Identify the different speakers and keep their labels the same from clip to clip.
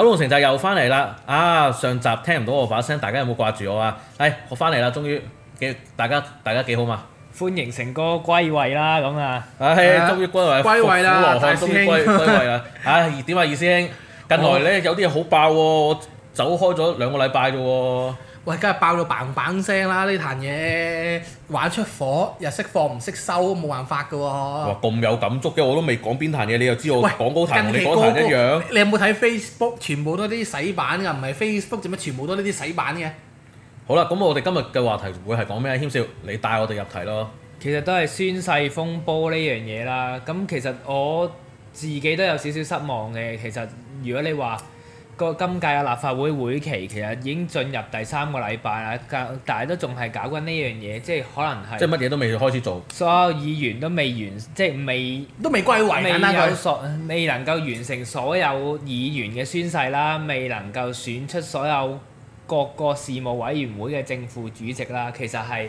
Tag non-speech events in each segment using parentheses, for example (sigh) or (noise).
Speaker 1: 九龍城寨又翻嚟啦！啊，上集聽唔到我把聲，大家有冇掛住我啊？係、哎、我翻嚟啦，終於幾大家大家幾好嘛？歡迎成哥歸位啦！咁啊，唉、哎，終於歸位啊，歸位啦！羅漢兄終於歸位啦！唉，點啊，二師兄，近來咧有啲嘢好爆喎，我走開咗兩個禮拜啫喎。喂，今日
Speaker 2: 爆到砰砰聲啦！呢壇嘢玩出火，又識放唔識收，冇辦法嘅喎、啊。哇，
Speaker 1: 咁有感觸嘅，我都未講邊壇嘢，你又知道我講高壇，喂同你講壇高高一樣。你有冇睇 Facebook？全部都係啲洗版㗎，唔係 Facebook 做乜？全部都呢啲洗版嘅。好啦，咁我哋今日嘅話題會係講咩？謙少，你帶我哋入題咯。其實都係宣誓
Speaker 3: 風波呢樣嘢啦。咁其實我自己都有少少失望嘅。其實如果你話，個今屆嘅立法會會期其實已經進入第三個禮拜啦，但係都仲係搞緊呢樣嘢，即係可能係即係乜嘢都
Speaker 1: 未開始做，所有議員
Speaker 3: 都未完，即係未都未歸位，未能夠未能夠完成所有議員嘅宣誓啦，未能夠選出所有各個事務委員會嘅正副主席啦，其實係。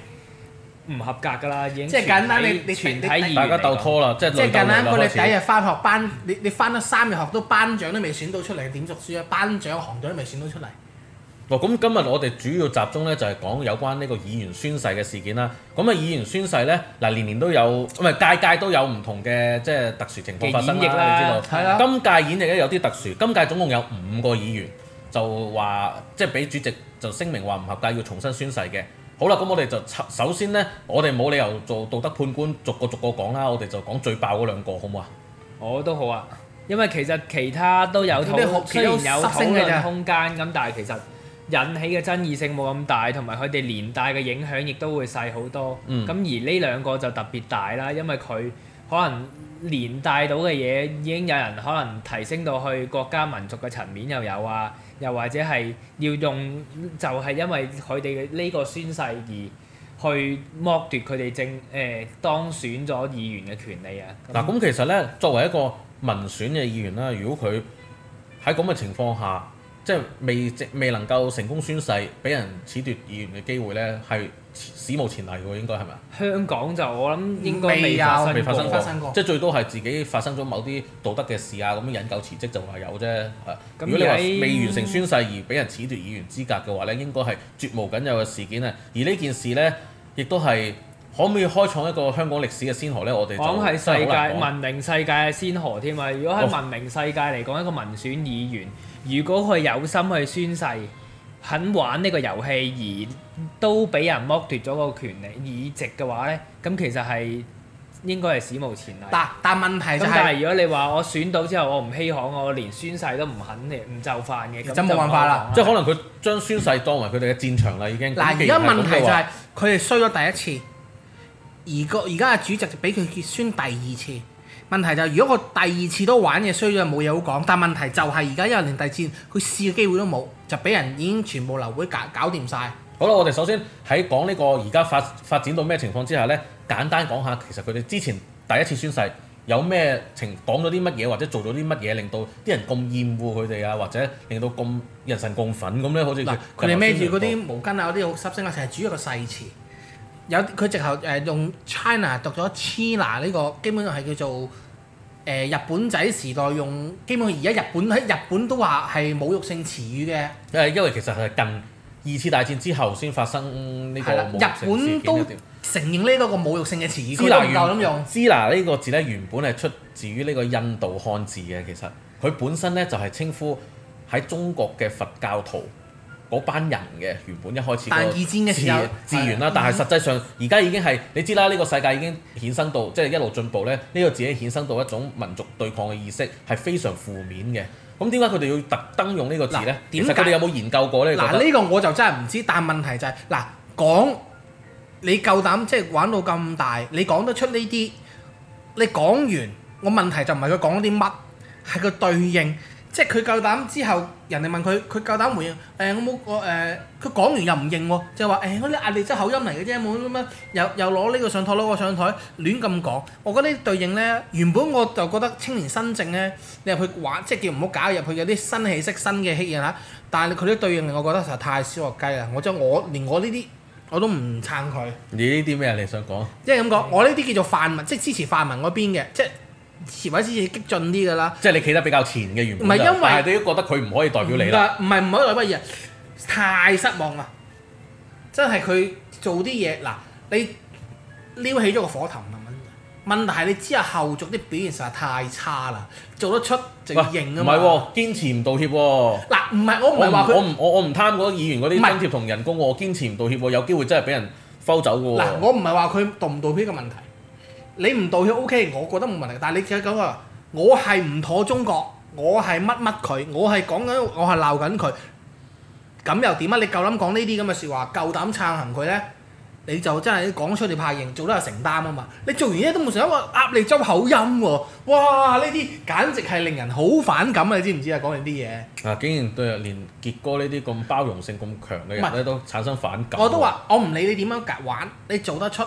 Speaker 3: 唔合格㗎啦，已經即係簡單你你全體
Speaker 2: 議員大家鬥拖啦，即係即係簡單，嗰你第一日翻學班，你你翻咗三日學都班長都未選到出嚟，點讀書啊？班長、行長都未選到出嚟。
Speaker 1: 哦，咁、嗯、今日我哋主要集中咧就係、是、講有關呢個議員宣誓嘅事件啦。咁、嗯、啊，議員宣誓咧，嗱、嗯、年年都有，唔係屆屆都有唔同嘅即係特殊情況發生啦。演繹啦，啊、今屆演繹咧有啲特殊，今屆總共有五個議員就話即係俾主席就聲明話唔合格要重新宣誓嘅。好啦，咁我哋就首先咧，我哋冇理由做道德判官，逐個逐個講啦。我哋就講最爆嗰兩個，好唔好啊？我都好啊，因為其實其他都
Speaker 3: 有討論，雖然有討論嘅空間，咁但係其實引起嘅爭議性冇咁大，同埋佢哋連帶嘅影響亦都會細好多。咁、嗯、而呢兩個就特別大啦，因為佢。可能連帶到嘅嘢已經有人可能提升到去國家民族嘅層面，又有啊，又或者係要用就係因為佢哋嘅呢個宣誓而去剝奪佢哋正誒、呃、當選咗議員嘅權利啊。嗱，咁其
Speaker 1: 實呢，作為一個民選嘅議員啦，如果佢喺咁嘅情況下，即係未未能夠成功宣誓，俾人褫奪議員嘅機會呢，係。史無前例喎，應該係咪？香港就我諗應該未有發生過，生過即係最多係自己發生咗某啲道德嘅事啊，咁引咎辭、辭職就話有啫。嗯、如果你話未完成宣誓而俾人褫奪議員資格嘅話呢，應該係絕無僅有嘅事件啊。而呢件事呢，亦都係可唔可以開創一個香港歷史嘅先河呢？我哋講係世界文明世界嘅先河添啊！如果喺文明世界嚟講，一個民
Speaker 3: 選議員，如果佢有心去宣誓，肯玩呢個遊戲而都俾人剝奪咗個權利，議席嘅話呢，咁其實係應該係史無前例。但
Speaker 1: 但問題就係，但係，
Speaker 3: 如果你話我選到之後，我唔稀罕，我連宣誓
Speaker 2: 都唔肯，唔就範嘅，咁就冇辦法啦。即係可
Speaker 1: 能佢將宣誓當為佢哋嘅戰場啦，已經。嗱，而家問題就係
Speaker 2: 佢哋衰咗第一次，而個而家嘅主席就俾佢結宣第二次。問題就係，是，如果我第二次都玩嘢衰咗，冇嘢好講。但問題就係而家因為連第二次佢試嘅機會都冇，就俾人已經全部流會搞搞掂
Speaker 1: 晒。好啦，我哋首先喺講呢個而家發發展到咩情況之下呢，簡單講下其實佢哋之前第一次宣誓有咩情講咗啲乜嘢，或者做咗啲乜嘢令到啲人咁厭惡佢哋啊，或者令到咁人神共憤咁呢？好似佢哋孭住嗰啲
Speaker 2: 毛巾啊，嗰啲好濕身啊，成日煮個誓詞。有佢直頭誒用
Speaker 1: China 讀咗 China
Speaker 2: 呢個，基本上係叫做誒日本仔時代用，基本而家日本喺日本都話係侮辱性詞語嘅。
Speaker 1: 因為其實係近二次大戰之後先發生呢個。日本都
Speaker 2: 承認呢個侮辱性嘅詞語。支那咁用。
Speaker 1: 支那呢個字咧，原本係出自於呢個印度漢字嘅，其實佢本身咧就係稱呼喺中國嘅佛教徒。嗰班人嘅原本一開始嘅志願啦，但係實際上而家已經係你知啦，呢、這個世界已經衍生到即係、就是、一路進步呢，呢、這個字已經衍生到一種民族對抗嘅意識係非常負面嘅。咁點解佢哋要特登用呢個字呢？點解佢哋有冇研究過咧？嗱呢喇、這
Speaker 2: 個我就真係唔知，但係問題就係、是、嗱講你夠膽即係、就是、玩到咁大，你講得出呢啲？你講完，我問題就唔係佢講啲乜，係佢對應。即係佢夠膽之後，人哋問佢，佢夠膽回應。誒、欸，我冇個佢講完又唔應喎，就話、是、誒，我、欸、啲壓力真係口音嚟嘅啫，冇乜乜乜，又又攞呢個上台，攞個上台，上台亂咁講。我覺得呢對應咧，原本我就覺得青年新政咧，你入去玩，即係叫唔好搞入去有啲新氣息、新嘅氣焰啦。但係佢啲對應令我覺得實在太小學雞啦！我將我連我呢啲我都唔撐佢。
Speaker 1: 你呢啲咩你想講
Speaker 2: 即係咁講，我呢啲叫做泛民，即係支持泛民嗰邊嘅，即係。前位先至激進啲㗎啦，
Speaker 1: 即係你企得比較前嘅議員，原本，唔係因為但係你都覺得佢唔可以代表你啦。唔係
Speaker 2: 唔可以代表乜嘢？太失望啦！真係佢做啲嘢嗱，你撩起咗個火頭問問，問題係你之後後續啲表現實在太差啦，做得出就認㗎嘛。唔係喎，
Speaker 1: 堅持唔道歉喎，
Speaker 2: 啊。嗱，唔係我唔係話我
Speaker 1: 唔我我唔貪嗰啲議員嗰啲津貼同人工喎，唔係，我堅持唔道歉喎，啊，有機會真係俾人摟走㗎喎。嗱，
Speaker 2: 我唔係話佢道唔道歉嘅問題。你唔道歉 O K，我覺得冇問題。但係你其實講話，我係唔妥中國，我係乜乜佢，我係講緊，我係鬧緊佢。咁又點啊？你夠膽講呢啲咁嘅説話，夠膽撐行佢咧？你就真係講出嚟怕型，做得係承擔啊嘛！你做完嘢都冇想話壓你執口音喎！哇！呢啲簡直係令人好反感啊！你知唔知啊？講完啲嘢。
Speaker 1: 啊！竟然對連傑哥呢啲咁包容性咁強嘅人咧，都產生反感。我都
Speaker 2: 話我唔理你點樣夾玩，你做得出。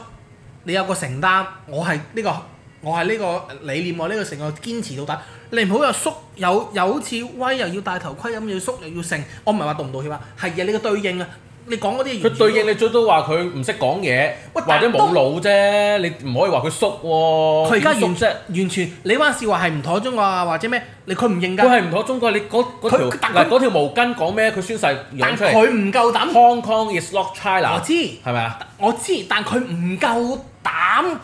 Speaker 2: 你有個承擔，我係呢個，我係呢個理念，我呢個成個堅持到底。你唔好又縮，有有好似威又要戴頭盔咁，又要縮又要成。我唔係話道唔道歉啊，係啊，你個對應啊，你講嗰啲完
Speaker 1: 全。佢對應你最多話佢唔識講嘢，或者冇腦啫。你唔可以話佢縮喎。佢而家完全完全，你話是話係唔妥中㗎，或者咩？你佢唔認㗎。佢係唔妥中國㗎，你嗰嗰條嗱嗰條毛巾講咩？佢宣誓養出嚟。但佢唔夠膽。Hong Kong is not China。我知。係咪啊？我知，但佢唔夠。膽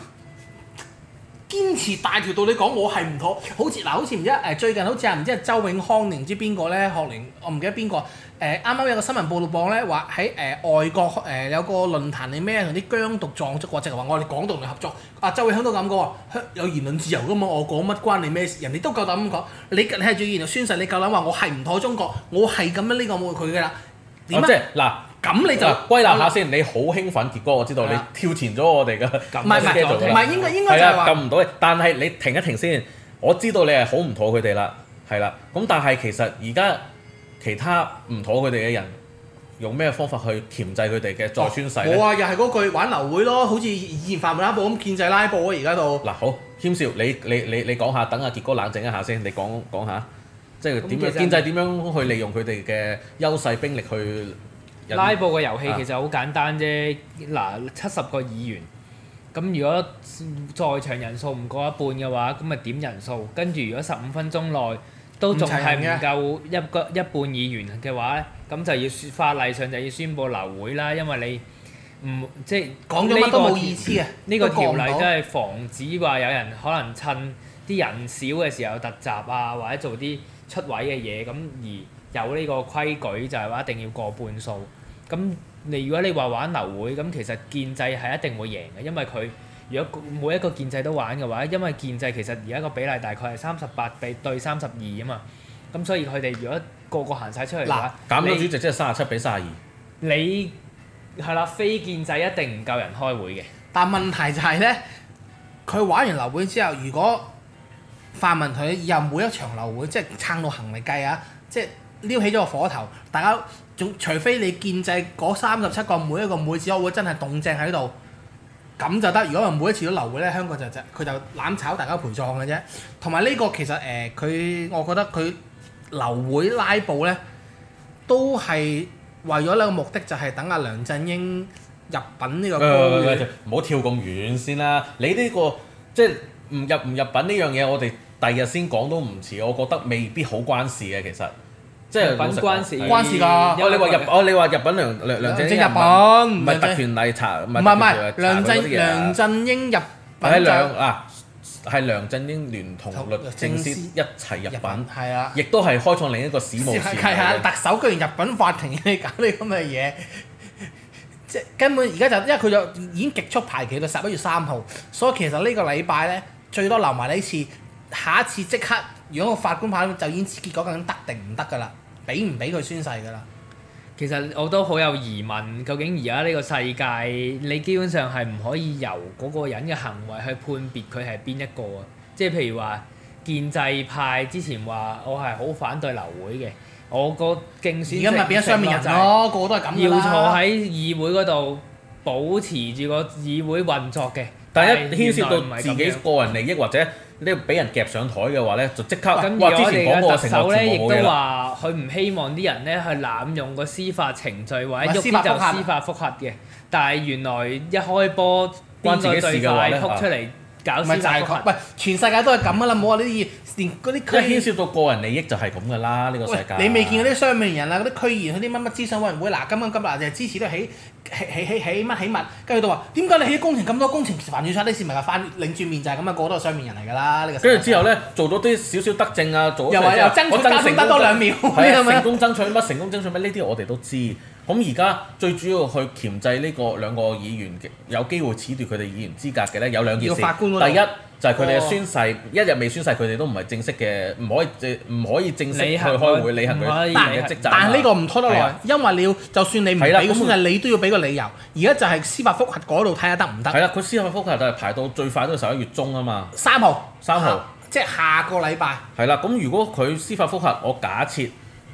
Speaker 2: 堅持大條道理，你講我係唔妥，好似嗱，好似唔知誒最近好似係唔知係周永康定唔知邊個咧，學凌我唔記得邊個誒，啱、呃、啱有個新聞報導咧，話喺誒外國誒、呃、有個論壇，你咩同啲疆獨藏族，過，即係話我哋港獨同佢合作。啊周永康都咁講，有言論自由噶嘛，我講乜關你咩事？人哋都夠膽咁講，你你係最嚴宣誓你夠膽話我係唔妥中國，我係咁樣呢、這個冇佢噶啦，點啊？即
Speaker 1: 係嗱。咁你就歸納下先，啊、你好興奮，傑哥，我知道、啊、你跳前咗我哋嘅唔係唔係唔係，應該就係話撳唔到。但係你停一停先，我知道你係好唔妥佢哋啦，係啦、啊。咁但係其實而家其他唔妥佢哋嘅人用咩方法去鉗制佢哋嘅再穿世？我啊又係嗰句玩流會咯，好似以前泛民拉布咁，建制拉布啊！而家度，嗱好謙少，你你你你講下，等阿傑哥冷靜一下先，你講講下即係點樣建制點樣去利用佢哋嘅優勢兵力去？拉布嘅遊戲其實好
Speaker 3: 簡單啫，嗱七十個議員，咁如果在場人數唔過一半嘅話，咁咪點人數？跟住如果十五分鐘內都仲係唔夠一個一半議員嘅話咧，咁就要法例上就要宣佈流會啦，因為你唔即係講咗乜都冇意思啊！呢個條例都係防止話有人可能趁啲人少嘅時候突襲啊，或者做啲出位嘅嘢，咁而有呢個規矩就係話一定要過半數。咁你如果你話玩流會，咁其實建制係一定會贏嘅，因為佢如果每一個建制都玩嘅話，因為建制其實而家個比例大概係三十八比對三十二啊嘛。咁所以佢哋如果個個行晒出去嘅話，減咗主席
Speaker 1: 即係三十七比三十二。
Speaker 3: 你係啦，非建制一定唔夠人開會嘅。
Speaker 2: 但問題就係呢，佢玩完流會之後，如果泛民佢又每一場流會即係撐到行嚟計啊，即係。撩起咗個火頭，大家仲除非你建制嗰三十七個每一個每次我會真係動靜喺度咁就得。如果話每一次都留會呢，香港就就佢就攬炒大家陪葬嘅啫。同埋呢個其實誒，佢、呃、我覺得佢留會拉布呢，都係為咗呢個目的，就係等阿梁振英入品呢個、欸。唔唔唔，
Speaker 1: 唔好、欸、跳咁遠先啦。你呢、呢個即係唔入唔入品呢樣嘢，我哋第日先講都唔遲。我覺得未必好關事嘅其實。即係冇關事，關事㗎。哦，你話入哦你話入稟，梁梁振英入稟，唔係特權例察，唔係唔係梁振英，梁
Speaker 2: 振英入係梁
Speaker 1: 啊，係梁振英聯同律政司一齊入稟，係啊，亦都係開創另一個史無前例。係啊，特
Speaker 2: 首居然入稟法庭，你搞啲咁嘅嘢，即係根本而家就因為佢就已經極速排期到十一月三號，所以其實呢個禮拜咧最多留埋呢次，下一次即刻如果個法官判就已經知結果究竟得定唔得㗎啦。俾唔俾佢宣誓㗎啦？其實我都好有疑問，究竟而家
Speaker 3: 呢個世界，你基本上係唔可以由嗰個人嘅行為去判別佢係邊一個啊？即係譬如話建制派之前話，我係好反對流會嘅，我個競選而家咪變咗雙面人，個人個人都係咁噶。要坐喺議會嗰度保持住個議會運作嘅，但係一牽涉到唔係自己
Speaker 1: 個人利益或者。你俾人夾上台嘅話咧，就即刻哇！如果 之前講個特首咧亦都話，
Speaker 3: 佢唔希望啲人咧去濫用個司法程序，或者用就司法覆核嘅。但係原來一開波邊個自最快撲出嚟搞，債
Speaker 1: 大唔
Speaker 2: 係全世界都係咁啊！啦、嗯，冇話呢啲。連啲即係牽涉到個人利益
Speaker 1: 就係咁噶啦，呢、這個世界。你未
Speaker 2: 見嗰啲雙面人啦，嗰啲區議員，佢啲乜乜諮詢委員會，會金金金，嗱，今日今日就支持都起起起起乜起乜。跟住都話點解你起工程咁多工程煩擾差啲市民啊？翻領轉面就係咁啊，個個都係雙面人嚟噶啦，呢、這個。跟
Speaker 1: 住之後咧，做咗啲少少德政啊，做又話又爭取成多兩秒，成功爭取乜？成功爭取乜？呢啲我哋都知。咁而家最主要去鉗制呢個兩個議員嘅有機會褫奪佢哋議員資格嘅呢，有兩件事。第一就係佢哋嘅宣誓，Oh. 一日未宣誓，佢哋都唔係正式嘅，唔可以唔可以正式去開會履行佢哋嘅職責贈。但係呢個唔拖得耐，啊、
Speaker 2: 因為你要，就算你唔俾宣誓，你都要俾個理
Speaker 1: 由。而家就係司法復核嗰度睇下得唔得。係啦、啊，佢司法復核就係排到最快都要十一月中啊嘛。三號，三號，即係、啊就係、下個禮拜。係啦、啊，咁如果佢司法復核，我假設。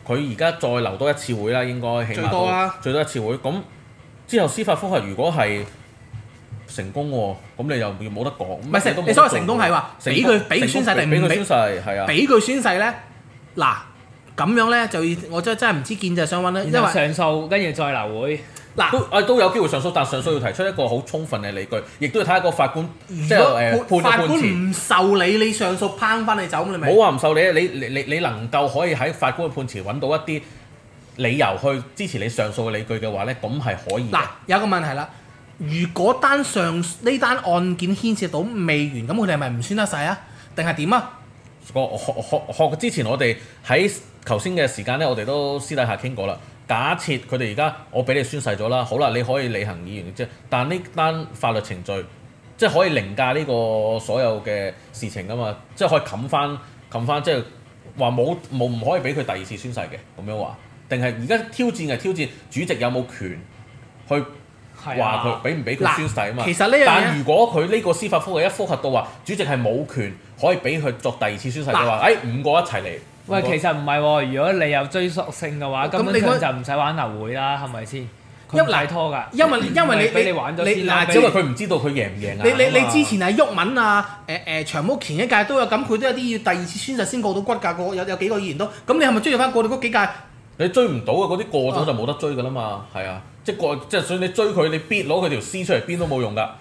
Speaker 1: 佢而家再留多一次會啦，應該，起碼最多啦，最多一次會。咁多、啊、之後司法覆核如果係成功喎、哦，咁你又冇得講。唔係是，你你所謂成功係話俾佢俾宣誓定唔俾佢宣誓？係啊功，俾佢
Speaker 2: 宣誓咧，嗱咁、
Speaker 1: 啊、樣咧就要，我真真係唔知見就係想揾啦。因為上訴跟住再留會。嗱，都誒都有機會上訴，但上訴要提出一個好充分嘅理據，亦都要睇下個法官，即係如果、呃、判決判詞，法官唔
Speaker 2: 受理你上訴，拋翻你走咁，你咪冇話
Speaker 1: 唔受理啊！你你你，你能夠可以喺法官嘅判詞揾到一啲理由去支持你上訴嘅理據嘅話咧，咁係可以。嗱，有
Speaker 2: 一個問題啦，如果單上呢單案件牽涉到未完，咁佢哋係咪唔
Speaker 1: 算得晒啊？定係點啊？我我我我之前我哋喺頭先嘅時間咧，我哋都私底下傾過啦。假設佢哋而家我俾你宣誓咗啦，好啦，你可以履行議員嘅職，但呢單法律程序即係可以凌駕呢個所有嘅事情㗎嘛，即係可以冚翻、冚翻，即係話冇冇唔可以俾佢第二次宣誓嘅咁樣話，定係而家挑戰係挑戰主席有冇權去話佢俾唔俾佢宣誓啊嘛？其實呢樣，但如果佢呢個司法覆核一覆核到話，主席係冇權可以俾佢作第二次宣誓嘅話，誒、啊哎、五個一齊嚟。喂，其實唔係喎，如果
Speaker 3: 你有追溯性嘅話，根本佢就唔使玩牛會啦，係咪先？一賴拖噶，因為因
Speaker 2: 為，因為你，你玩咗，你因為佢
Speaker 1: 唔知道佢贏唔贏啊！你你你之
Speaker 2: 前係毓民啊，誒、呃、誒長毛前一屆都有，咁佢都有啲要第二次宣誓先過到骨噶，有有幾個議員都，咁你係咪追住翻
Speaker 1: 過到嗰幾屆？你追唔到追啊！嗰啲過咗就冇得追噶啦嘛，係啊，即係過即係所以你追佢，你必攞佢條絲出嚟，邊都冇用噶。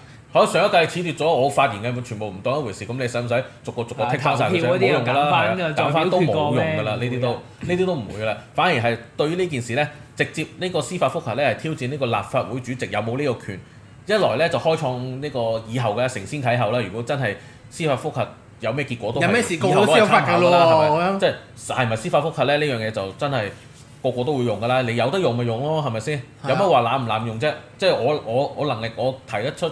Speaker 1: 上一屆褫奪咗我發言嘅，全部唔當一回事。咁你使唔使逐個逐個剔翻曬佢？冇用㗎啦，淡化的都冇用㗎啦。呢啲、啊、都呢啲都唔會㗎啦。反而係對於呢件事咧，直接呢個司法覆核咧係挑戰呢個立法會主席有冇呢個權。一來咧就開創呢個以後嘅承先啟後啦。如果真係司法覆核有咩結果都係以後再判㗎咯。是是呢即係係咪司法覆核咧？呢樣嘢就真係個個都會用㗎啦。你有得用咪用咯？係咪先？的有乜話濫唔濫用啫？即係我我我能力我提得出。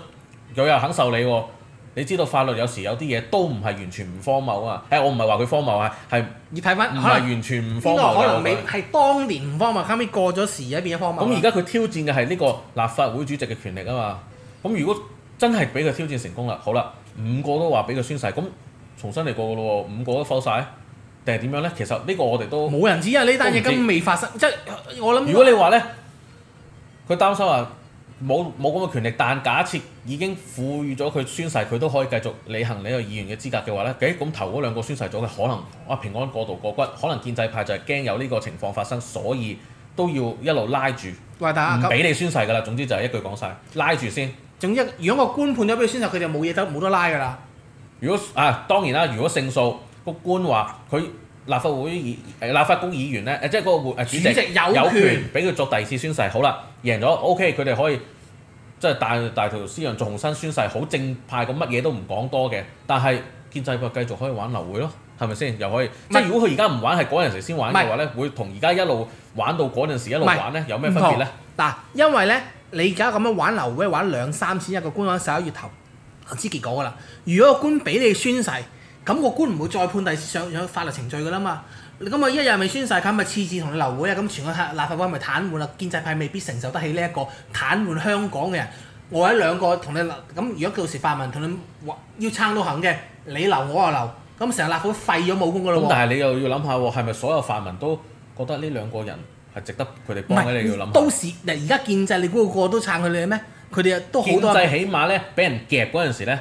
Speaker 1: 有人肯受理喎、哦，你知道法律有時有啲嘢都唔係完全唔荒謬啊！誒、哎，我唔係話佢荒謬啊，係要睇返，唔係完全唔荒謬。可能你
Speaker 2: 係當年唔荒謬，後尾過咗時啊變咗荒謬。咁而家
Speaker 1: 佢挑戰嘅係呢個立法會主席嘅權力啊嘛。咁如果真係俾佢挑戰成功啦，好啦，五個都話俾佢宣誓，咁重新嚟過咯喎，五個都否晒，定係點樣咧？其實呢個我哋都冇人知啊，呢單嘢咁未發生，
Speaker 2: 即係我諗。如果你
Speaker 1: 話咧，佢擔心啊。冇冇咁嘅權力，但假設已經賦予咗佢宣誓，佢都可以繼續履行你個議員嘅資格嘅話咧，誒咁頭嗰兩個宣誓咗嘅可能啊，平安過渡過骨，可能建制派就係驚有呢個情況發生，所以都要一路拉住，唔俾你宣誓㗎啦。那總之就係一句講晒：「拉住先。總之，如果一個官判咗俾佢宣誓，佢就冇嘢走，冇得拉㗎啦。如果啊，當然啦，如果勝訴個官話佢。立法會議誒立法公議員咧誒即係嗰個會主,主席有權俾佢作第二次宣誓，好啦，贏咗 OK，佢哋可以即係大大條私人重新宣誓，好正派咁乜嘢都唔講多嘅。但係建制派繼續可以玩流會咯，係咪先？又可以是即係如果佢而家唔玩，係嗰陣時先玩嘅話咧，是會同而家一路玩到嗰陣時一路玩咧，是有咩分別咧？嗱，因為咧你而
Speaker 2: 家咁樣玩流會，玩兩三次，一個官玩十一月頭，知結果噶啦。如果個官俾你宣誓，咁個官唔會再判第二上上法律程序㗎啦嘛。你咁啊，一日未宣誓，佢咪次次同你留會啊？咁全個立法會咪癱瘓啦？建制派未必承受得起呢一個癱瘓香港嘅人，我係兩個同你咁，如果到時泛民同你要撐都行嘅，你留我又留，咁成日立法會廢咗武功啦喎！但係你
Speaker 1: 又要諗下喎，係咪所有泛民都覺得呢兩個人係值得佢哋幫你？是你要諗到
Speaker 2: 時，而家建制你估個個都撐佢哋咩？佢哋都好多建制，建制起碼
Speaker 1: 咧，俾人夾嗰陣時咧。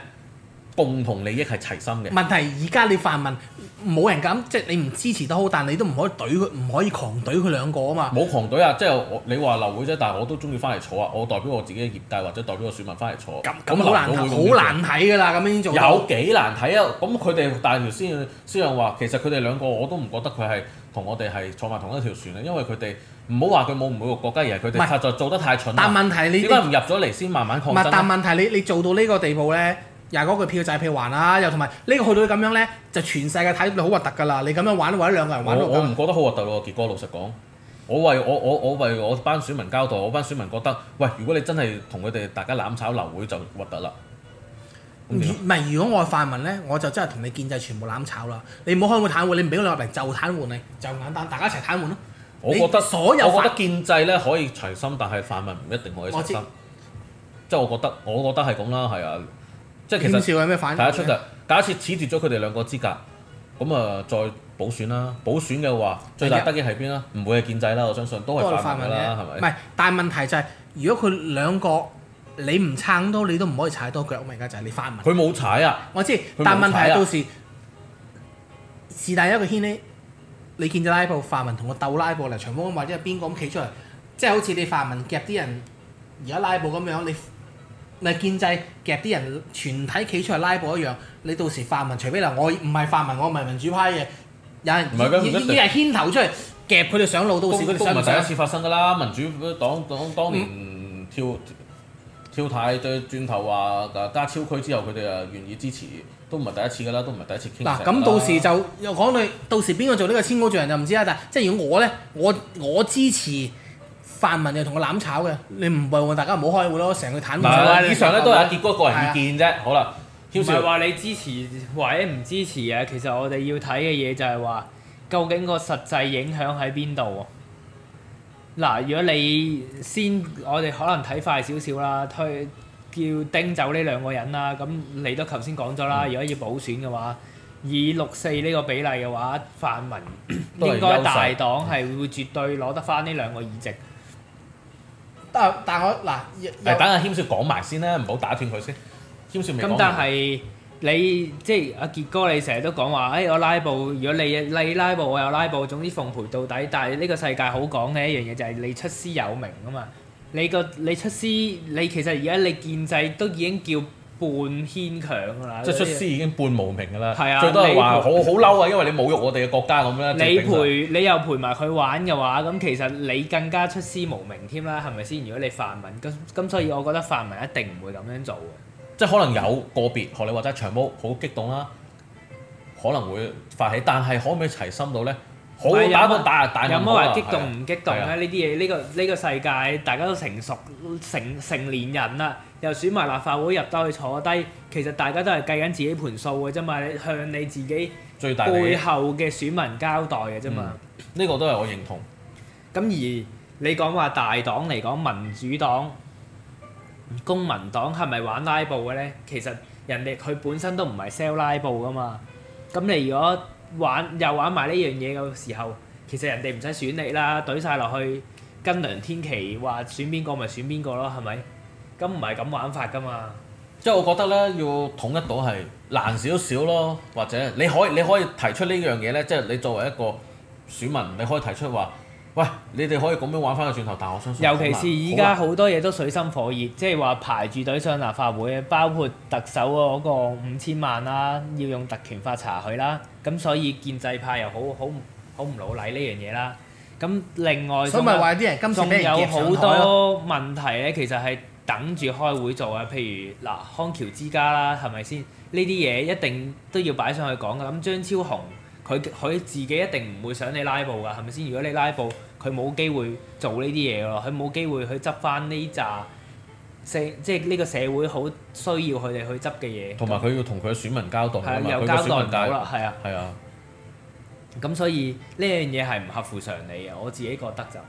Speaker 1: 共同利益係齊心嘅問
Speaker 2: 題。而家你泛民冇人敢，即係你唔支持都好，但你都唔可以懟佢，唔可
Speaker 1: 以狂懟佢兩個啊嘛。冇狂懟啊，即係我你話流會啫，但係我都中意翻嚟坐啊！我代表我自己嘅業界，或者代表個選民翻嚟坐。咁咁好難好難睇㗎啦！咁樣做有幾難睇啊？咁佢哋大條先先又話，其實佢哋兩個我都唔覺得佢係同我哋係坐埋同一條船啊，因為佢哋唔好話佢冇唔每個國家，而係佢哋實在做得太蠢。但問題你唔入咗嚟先慢慢擴。但問題
Speaker 2: 你你做到呢個地步咧？
Speaker 1: 又嗰句票就係票還啦，又同埋
Speaker 2: 呢個去到咁樣呢，就全世界睇到你好核突㗎啦！你咁樣玩或者兩個人玩。我唔
Speaker 1: 覺得好核突喎，結果老實講，我為我我我為我班選民交代，我班選民覺得，喂，如果你真係同佢哋大家攬炒流會就核突啦。唔
Speaker 2: 係如果我係泛民呢，我就真係同你建制全部攬炒啦！你唔好開會癱瘓，你唔俾我入嚟就癱瘓你，就簡單，大家一齊癱
Speaker 1: 瘓咯。我覺得所有我覺得建制呢，可以齊心，但係泛民唔一定可以齊心。即係我覺得，我覺得係咁啦，係啊。即係其實，睇得出嘅。假設褫奪咗佢哋兩個資格，咁啊再補選啦。補選嘅話，最難得嘅係邊啊？唔會係建制啦，我相信都係泛民，啦，係咪？唔係，
Speaker 2: 但係問題就係、是，如果佢兩個你唔撐多，你都唔可以踩多腳㗎。而家就係、是、你泛民，佢
Speaker 1: 冇踩啊！我
Speaker 2: 知，啊、但係問題係到時是但、啊、一個軒呢？你見到拉布泛民同我鬥拉布嚟長毛，或者係邊個咁企出嚟？即、就、係、是、好似你泛民夾啲人而家拉布咁樣，你。咪建制夾啲人，全體企出嚟拉布一樣。你到時泛民除非嗱，我唔係泛民，我唔係民主派嘅，有人依依係牽頭出去夾佢哋上路。都到時佢哋唔係第一次
Speaker 1: 發生㗎啦。民主黨黨當年跳、嗯、跳太，對轉頭話加超區之後，佢哋誒願意支持，都唔係第一次㗎啦，都唔係第一次傾。嗱咁到時
Speaker 2: 就又講你，到時邊個做呢個千古罪人就唔知啦。但即係如果我呢，我呢，我，我支持，泛民又同我攬炒嘅，你唔為何大家唔好開會咯？成個坦白。以上咧都係阿傑哥個人意
Speaker 1: 見啫，啊、好啦。唔係話你支持，
Speaker 3: 或者唔支持啊？其實我哋要睇嘅嘢就係話，究竟個實際影響喺邊度啊？嗱，如果你先，我哋可能睇快少少啦，推叫叮走呢兩個人啦。咁你都頭先講咗啦，如果要補選嘅話，以六四呢個比例嘅話，泛民應該大黨係會絕對攞得翻呢兩個議席。嗯
Speaker 2: 但但我嗱，等阿
Speaker 3: 謙少講埋先啦，唔好打斷佢先。謙少未講。咁但係你即係阿傑哥，你成日、啊、都講話，誒、哎、我拉布，如果你你拉布，我又拉布，總之奉陪到底。但係呢個世界好講嘅一樣嘢就係你出師有名啊嘛。你個你出師，你其實而家你建制都已經叫。半牽強㗎啦，即出師
Speaker 1: 已經半無名㗎啦，係啊，最多係話好好嬲啊，因為你侮辱我哋嘅國家咁樣。你陪你又陪埋佢
Speaker 3: 玩嘅話，咁其實你更加出師無名添啦，係咪先？如果你泛民咁咁，所以我
Speaker 1: 覺得泛民一定唔會咁樣做嘅。即可能有個別學你話齋長毛好激動啦，可能會發起，但係可唔可以齊心到咧？好，打，打，有乜話激動唔激動咧？
Speaker 3: 呢啲嘢呢個呢個世界大家都成熟成成年人啦。又選埋立法會入得去坐低，其實大家都係計緊自己盤數嘅啫嘛，你向你自己背後嘅選民交代嘅啫嘛。呢、嗯呢個都係我認同。咁而你講話大黨嚟講，民主黨、公民黨係咪玩拉布嘅咧？其實人哋佢本身都唔係 sell 拉布噶嘛。咁你如果玩又玩埋呢樣嘢嘅時候，其實人哋唔使選你啦，懟晒落去。跟梁天琦話選邊個咪選邊個咯，係咪？咁
Speaker 1: 唔係咁玩法噶嘛？即係我覺得咧，要統一到係難少少咯，或者你可以你可以提出呢樣嘢咧，即係你作為一個選民，你可以提出話，喂，你哋可以咁樣玩翻個轉頭。但我相信，尤其是依家
Speaker 3: 好多嘢都水深火熱，即係話排住隊上立法會，包括特首嗰個五千萬啦，要用特權法查佢啦。咁所以建制派又好好好唔老禮呢樣嘢啦。咁另外，所以咪話啲人今次俾人夾上台咯。仲有好多問題咧，其實係。等住開會做啊！譬如嗱康橋之家啦，係咪先？呢啲嘢一定都要擺上去講噶。咁張超雄，佢佢自己一定唔會想你拉布噶，係咪先？如果你拉布，佢冇機會做呢啲嘢咯，佢冇機會去執翻呢紮社，即係呢個社會好需要佢哋去執嘅嘢。同埋佢
Speaker 1: 要同佢嘅選民交代，佢、啊、交代到啦，係啊，係
Speaker 3: 啊。咁所以呢樣嘢係唔合乎常理嘅，我自己覺得就。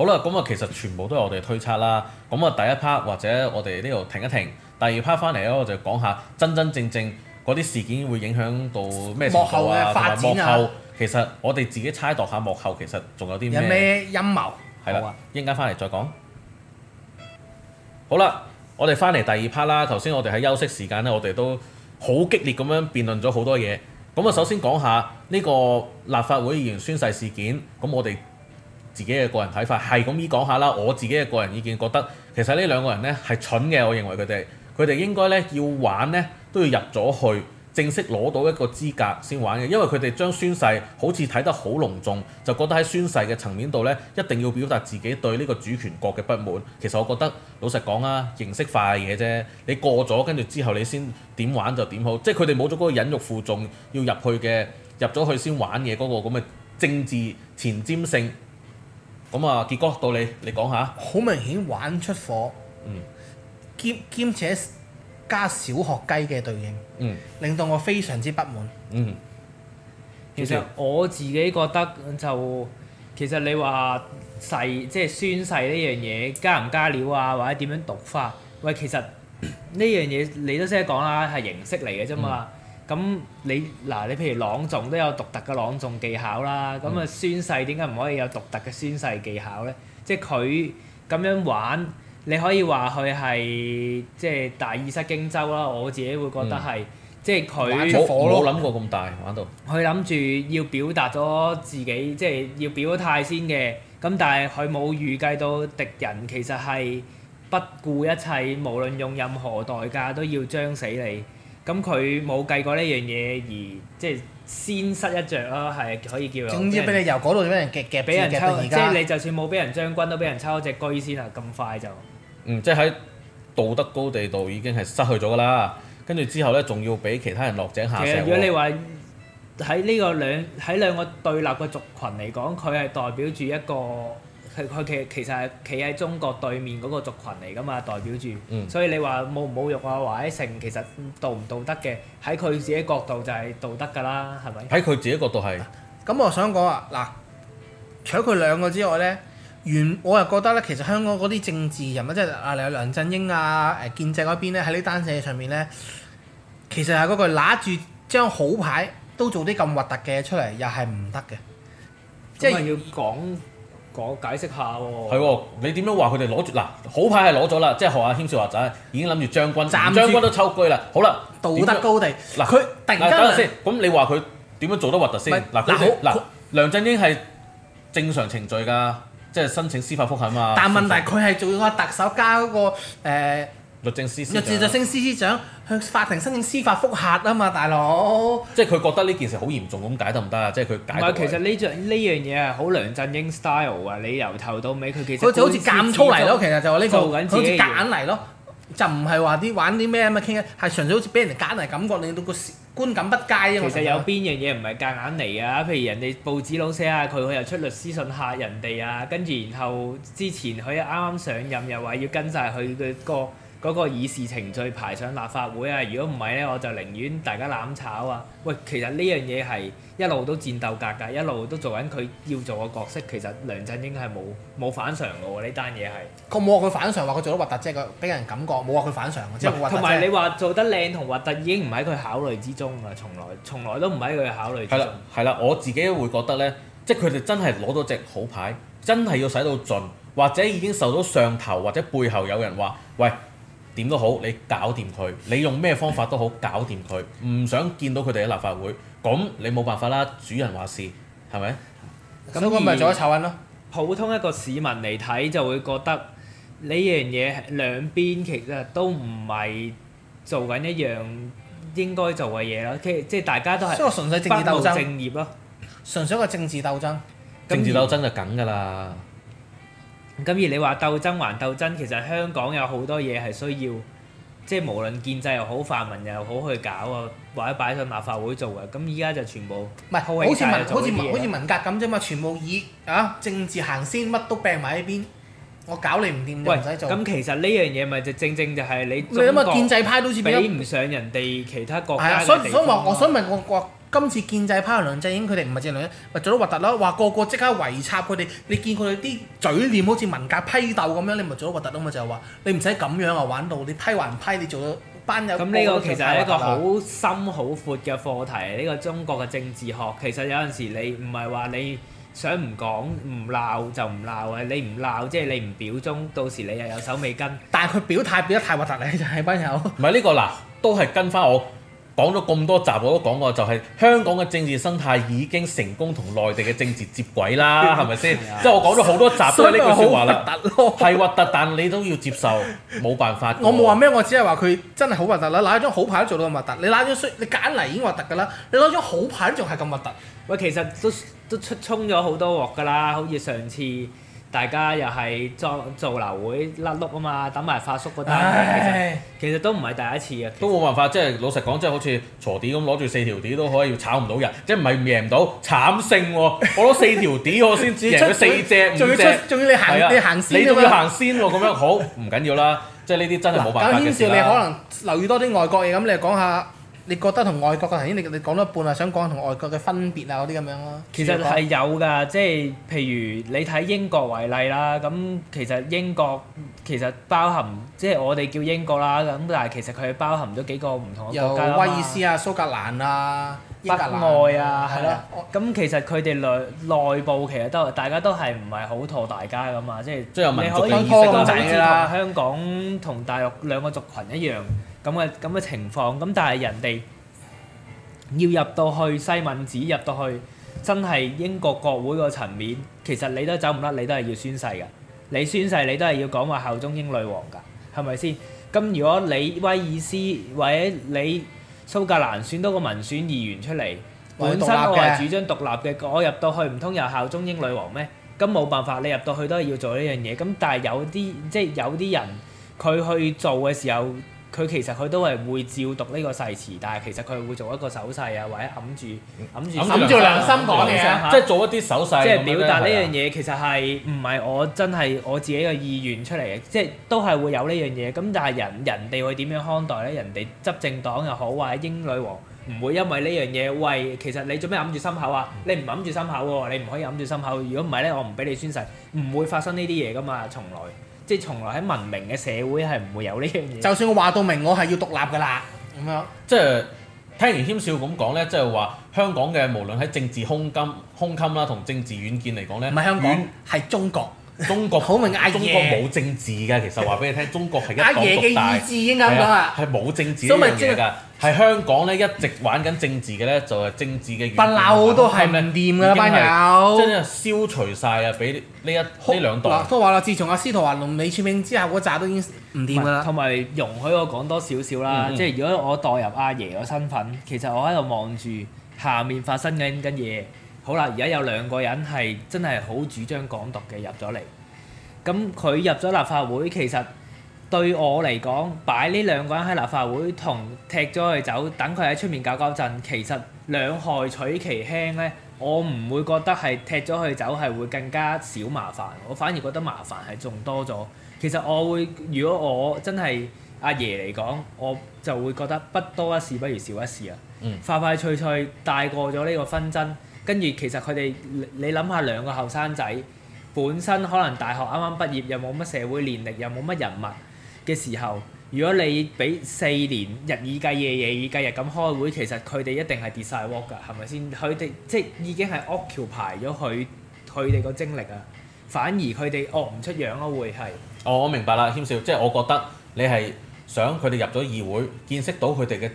Speaker 1: 好啦，咁啊，其實全部都係我哋推測啦。咁啊，第一 part 或者我哋呢度停一停，第二 part 翻嚟咧，我就講下真真正正嗰啲事件會影響到咩、啊、幕後發展啊，同埋幕後。其實我哋自己猜度下幕後，其實仲有啲咩陰謀。係啦的，一陣間翻嚟再講。好啦，我哋翻嚟第二 part 啦。頭先我哋喺休息時間呢，我哋都好激烈咁樣辯論咗好多嘢。咁啊，首先講下呢個立法會議員宣誓事件。咁我哋。自己嘅個人睇法係咁依講下啦。我自己嘅個人意見覺得，其實呢兩個人咧，係蠢嘅。我認為佢哋，佢哋應該咧，要玩咧，都要入咗去正式攞到一個資格先玩嘅，因為佢哋將宣誓好似睇得好隆重，就覺得喺宣誓嘅層面度咧，一定要表達自己對呢個主權國嘅不滿。其實我覺得老實講啊，形式化嘅嘢啫。你過咗跟住之後你，你先點玩就點好。即係佢哋冇咗嗰個忍辱負重要入去嘅，入咗去先玩嘢嗰個咁嘅政治前瞻性。咁啊，杰哥到你，你講下。好明顯玩出火，嗯、
Speaker 2: 兼兼且加小學雞嘅對應，嗯、令到我非常之不滿。嗯、其實,其
Speaker 3: 實我自己覺得就其實你話誓即係、就是、宣誓呢樣嘢，加唔加料啊，或者點樣讀法？喂，其實呢 (coughs) 樣嘢你都識得講啦，係形式嚟嘅啫嘛。嗯咁你嗱，你譬如朗誦都有獨特嘅朗誦技巧啦，咁啊、嗯、宣誓，點解唔可以有獨特嘅宣誓技巧咧？即係佢咁樣玩，你可以話佢係即係大意失荊州啦。我自己會覺得係，嗯、即係佢冇諗過咁大玩到。佢諗住要表達咗自己，即係要表態先嘅。咁但係佢冇預計到敵人其實係不顧一切，無論用任何代價都要將死你。咁佢冇計過呢樣嘢而即係先失一着咯，係可以叫。總之俾你
Speaker 2: 由嗰度俾人擊，俾人抽，而家即係你
Speaker 3: 就算冇俾人將軍，都俾人抽咗隻車先啊！咁快就。
Speaker 1: 嗯，即係喺道德高地度已經係失去咗噶啦，跟住之後咧，仲要俾其他人落井下石。如果你話
Speaker 3: 喺呢個兩喺兩個對立嘅族群嚟講，佢係代表住一個。佢其其實係企喺中國對面嗰個族群嚟噶嘛，代表住，嗯、所以你話侮唔侮辱啊，話啲成其實道唔道德嘅，喺佢自己角
Speaker 2: 度就係道德噶啦，係咪？喺
Speaker 1: 佢自己角度係。
Speaker 2: 咁我想講啊，嗱，除咗佢兩個之外呢，原我又覺得呢，其實香港嗰啲政治人物，即係啊梁振英啊，誒建制嗰邊咧，喺呢單嘢上面呢，其實係嗰句揦住張好牌都做啲咁核突嘅嘢出嚟，又係唔得嘅。即係要講。講解釋下喎，係
Speaker 1: 喎，你點樣話佢哋攞住嗱？好牌係攞咗啦，即係何阿軒少華仔已經諗住將軍，將軍都抽居啦。好啦，道德高地嗱，佢突然間，等陣先。咁你話佢點樣做得核突先？嗱，嗱，嗱，梁振英係正常程序㗎，即係申請司法覆核嘛。但問題佢係做咗個特首加嗰個誒律政司司，律政
Speaker 2: 司司長向法庭申請司法覆核啊嘛，大佬。
Speaker 1: 即係佢覺得呢件事好嚴重咁解得唔得啊？即係佢解。唔係，其實呢
Speaker 2: 張呢樣嘢啊，好是梁
Speaker 3: 振英 style 啊！你由頭到尾，佢其實好似好似監粗嚟咯，其實就係呢、這個好似夾硬
Speaker 2: 嚟咯，來就唔係話啲玩啲咩咁啊傾啊，係純粹好似俾人夾硬感覺，令到個觀感不佳啊。其實有
Speaker 3: 邊樣嘢唔係夾硬嚟啊？譬如人哋報紙佬寫啊，佢又出律師信嚇人哋啊，跟住然後之前佢啱啱上任又話要跟晒佢嘅個。嗰個議事程序排上立法會啊！如果唔係咧，我就寧願大家攬炒啊！喂，其實呢樣嘢係一路都戰鬥格格，一路都做緊佢要做嘅角色。其實梁振英係冇冇反常㗎喎，呢單嘢係
Speaker 2: 佢冇話佢反常，話佢做得核突，即係佢俾人感覺冇話佢反常。即係同埋
Speaker 3: 你話做得靚同核突已經唔喺佢考慮之中啊！從來從來都唔喺佢考慮
Speaker 1: 之中。係啦，我自己會覺得咧，即係佢哋真係攞到隻好牌，真係要使到盡，或者已經受到上頭或者背後有人話喂。點都好，你搞掂佢，你用咩方法都好，搞掂佢，唔是的 想見到佢哋喺立法會，咁你冇辦法啦。主人話事，係咪？咁我咪做
Speaker 2: 一醜
Speaker 3: 人咯。普通一個市民嚟睇就會覺得呢樣嘢兩邊其實都唔係做緊一樣應該做嘅嘢咯。即即大家都係不務正業咯，
Speaker 2: 純粹一個政治鬥爭。政治鬥
Speaker 3: 爭就梗㗎啦。咁而你話鬥爭還鬥爭，其實香港有好多嘢係需要，即係無論建制又好泛民又好去搞啊，或者擺上
Speaker 2: 立法會做嘅。咁依家就全部唔係好似文好似文好似文革咁啫嘛，全部以啊政治行先，乜都病埋喺邊，我搞你唔掂就唔使做。咁其
Speaker 3: 實呢樣嘢咪就正正就係你，你想想，唔係建制派都好似比唔上人哋其他國家所以、啊啊、我
Speaker 2: 想問嘅地方。我我我今次建制派梁振英佢哋唔係正兩，咪做得核突咯？話個個即刻圍插佢哋，你見佢哋啲嘴臉好似文革批鬥咁樣，你咪做得核突咯？咪就係話你唔使咁樣啊，玩到你批還批，你做咗班友。咁呢個其實係一個好
Speaker 3: 深好闊嘅課題，呢個中國嘅政治學其實有陣時你唔係話你想唔講唔鬧就唔鬧啊，你唔鬧即係你唔表忠，到時你又有手尾跟。但係佢
Speaker 2: 表態表得太核突，你就係班友。
Speaker 1: 唔係呢個嗱，都係跟翻我。講咗咁多集我都講過，就係、是、香港嘅政治生態已經成功同內地嘅政治接軌啦，係咪先？即係 (laughs) 我講咗好多集都係呢句説話啦。核突囉，係核突，但你都要接受，冇辦法。我冇話
Speaker 2: 咩，我只係話佢真係好核突啦！攞一張好牌都做到咁核突，你攞張衰，你揀嚟已經核突㗎啦！你攞張好牌仲係咁核突。喂，其實都都出沖咗好多鑊㗎啦，
Speaker 3: 好似上次。大家又係做做樓會甩碌啊嘛，等埋發叔
Speaker 2: 嗰單唉 其實，
Speaker 1: 其實都唔係第一次啊。都冇辦法，即係老實講，即係好似鋤地咁攞住四條啲都可以，炒唔到人，即係唔係唔贏唔到，慘勝喎、啊！我攞四條啲，我先至贏咗四隻，仲 (laughs) 要，要，要你行，你行先㗎、啊、你仲要行先喎、啊？咁 (laughs) 樣好唔緊要啦，即係呢啲真係冇辦法嘅啦。有時你可能
Speaker 2: 留意多啲外國嘢咁，你嚟講下。你覺得同外國嘅頭先，你你講到一半啊，想講同外國嘅分別啊，嗰啲咁樣咯。其實係
Speaker 3: 有㗎，即係譬如你睇英國為例啦，咁其實英國其實包含即係我哋叫英國啦，咁但係其實佢係包含咗幾個唔同嘅國家，有威爾斯啊、蘇格蘭啊、
Speaker 2: 北愛啊，係咯。
Speaker 3: 咁其實佢哋內內部其實都大家都係唔係好妥大家㗎嘛，即係你可以拖香港同大陸兩個族群一樣。咁嘅咁嘅情況，咁但係人哋要入到去西敏寺，入到去真係英國國會個層面，其實你都走唔甩，你都係要宣誓㗎。你宣誓，你都係要講話效忠英女王㗎，係咪先？咁如果你威爾斯或者你蘇格蘭選到個民選議員出嚟，本身我係主張獨立嘅，我要獨立嘅。我入到去唔通又效忠英女王咩？咁冇辦法，你入到去都係要做呢樣嘢。咁但係有啲即係有啲人佢去做嘅時候。佢其實佢都係會照讀呢個誓詞，但係其實佢會做一個手勢啊，或者揞住揞住，揞住良心講嘢，即係做一啲手勢，即係表達呢樣嘢。是啊、其實係唔係我真係我自己嘅意願出嚟嘅，即係都係會有呢樣嘢。咁但係人人哋會點樣看待咧？人哋執政黨又好，或者英女王唔會因為呢樣嘢。喂，其實你做咩揞住心口啊？你唔揞住心口喎，你唔可以揞住心口。如果唔係咧，我唔俾你宣誓，唔會發生呢啲嘢噶嘛，從來。即係從來喺文明嘅社會係唔
Speaker 1: 會有呢樣嘢。就算我話到明，我係要獨立㗎啦、嗯。咁
Speaker 2: 樣
Speaker 1: 即係聽完謙少咁講咧，即係話香港嘅無論喺政治胸襟、胸襟啦同政治遠見嚟講咧，唔係香港係遠中國。中國好明嘅，中國冇政治嘅，其實話俾你聽，中國係一黨獨大。阿爺嘅意志應該咁講啦，係冇政治呢樣嘢㗎。係、就是、香港咧，一直玩緊政治嘅咧，就係、是、政治嘅源頭。不嬲都係唔掂㗎啦，班友。即係消除晒啊！俾呢一呢好兩代。都
Speaker 2: 話啦，自從阿司徒華龍未出名之後，嗰扎都已經唔掂㗎啦。
Speaker 3: 同埋容許我講多少少啦，嗯、即係如果我代入阿爺個身份，其實我喺度望住下面發生緊緊嘢。好啦，而家有兩個人係真係好主張港獨嘅入咗嚟，咁佢入咗立法會，其實對我嚟講，擺呢兩個人喺立法會同踢咗佢走，等佢喺出面搞搞震，其實兩害取其輕咧，我唔會覺得係踢咗佢走係會更加少麻煩，我反而覺得麻煩係仲多咗。其實我會，如果我真係阿爺嚟講，我就會覺得不多一事不如少一事啊，快快、嗯、脆脆大過咗呢個紛爭。跟住，其實佢哋你你諗下兩個後生仔，本身可能大學啱啱畢業，又冇乜社會年齡，又冇乜人物嘅時候，如果你俾四年日以繼夜夜以繼日咁開會，其實佢哋一定係跌晒鑊㗎，係咪先？佢哋即係已經係 occupy 咗佢佢哋個精力啊，反而佢哋學唔出樣咯，會係。
Speaker 1: 哦，我明白啦，謙少，即係我覺得你係想佢哋入咗議會，見識到佢哋嘅。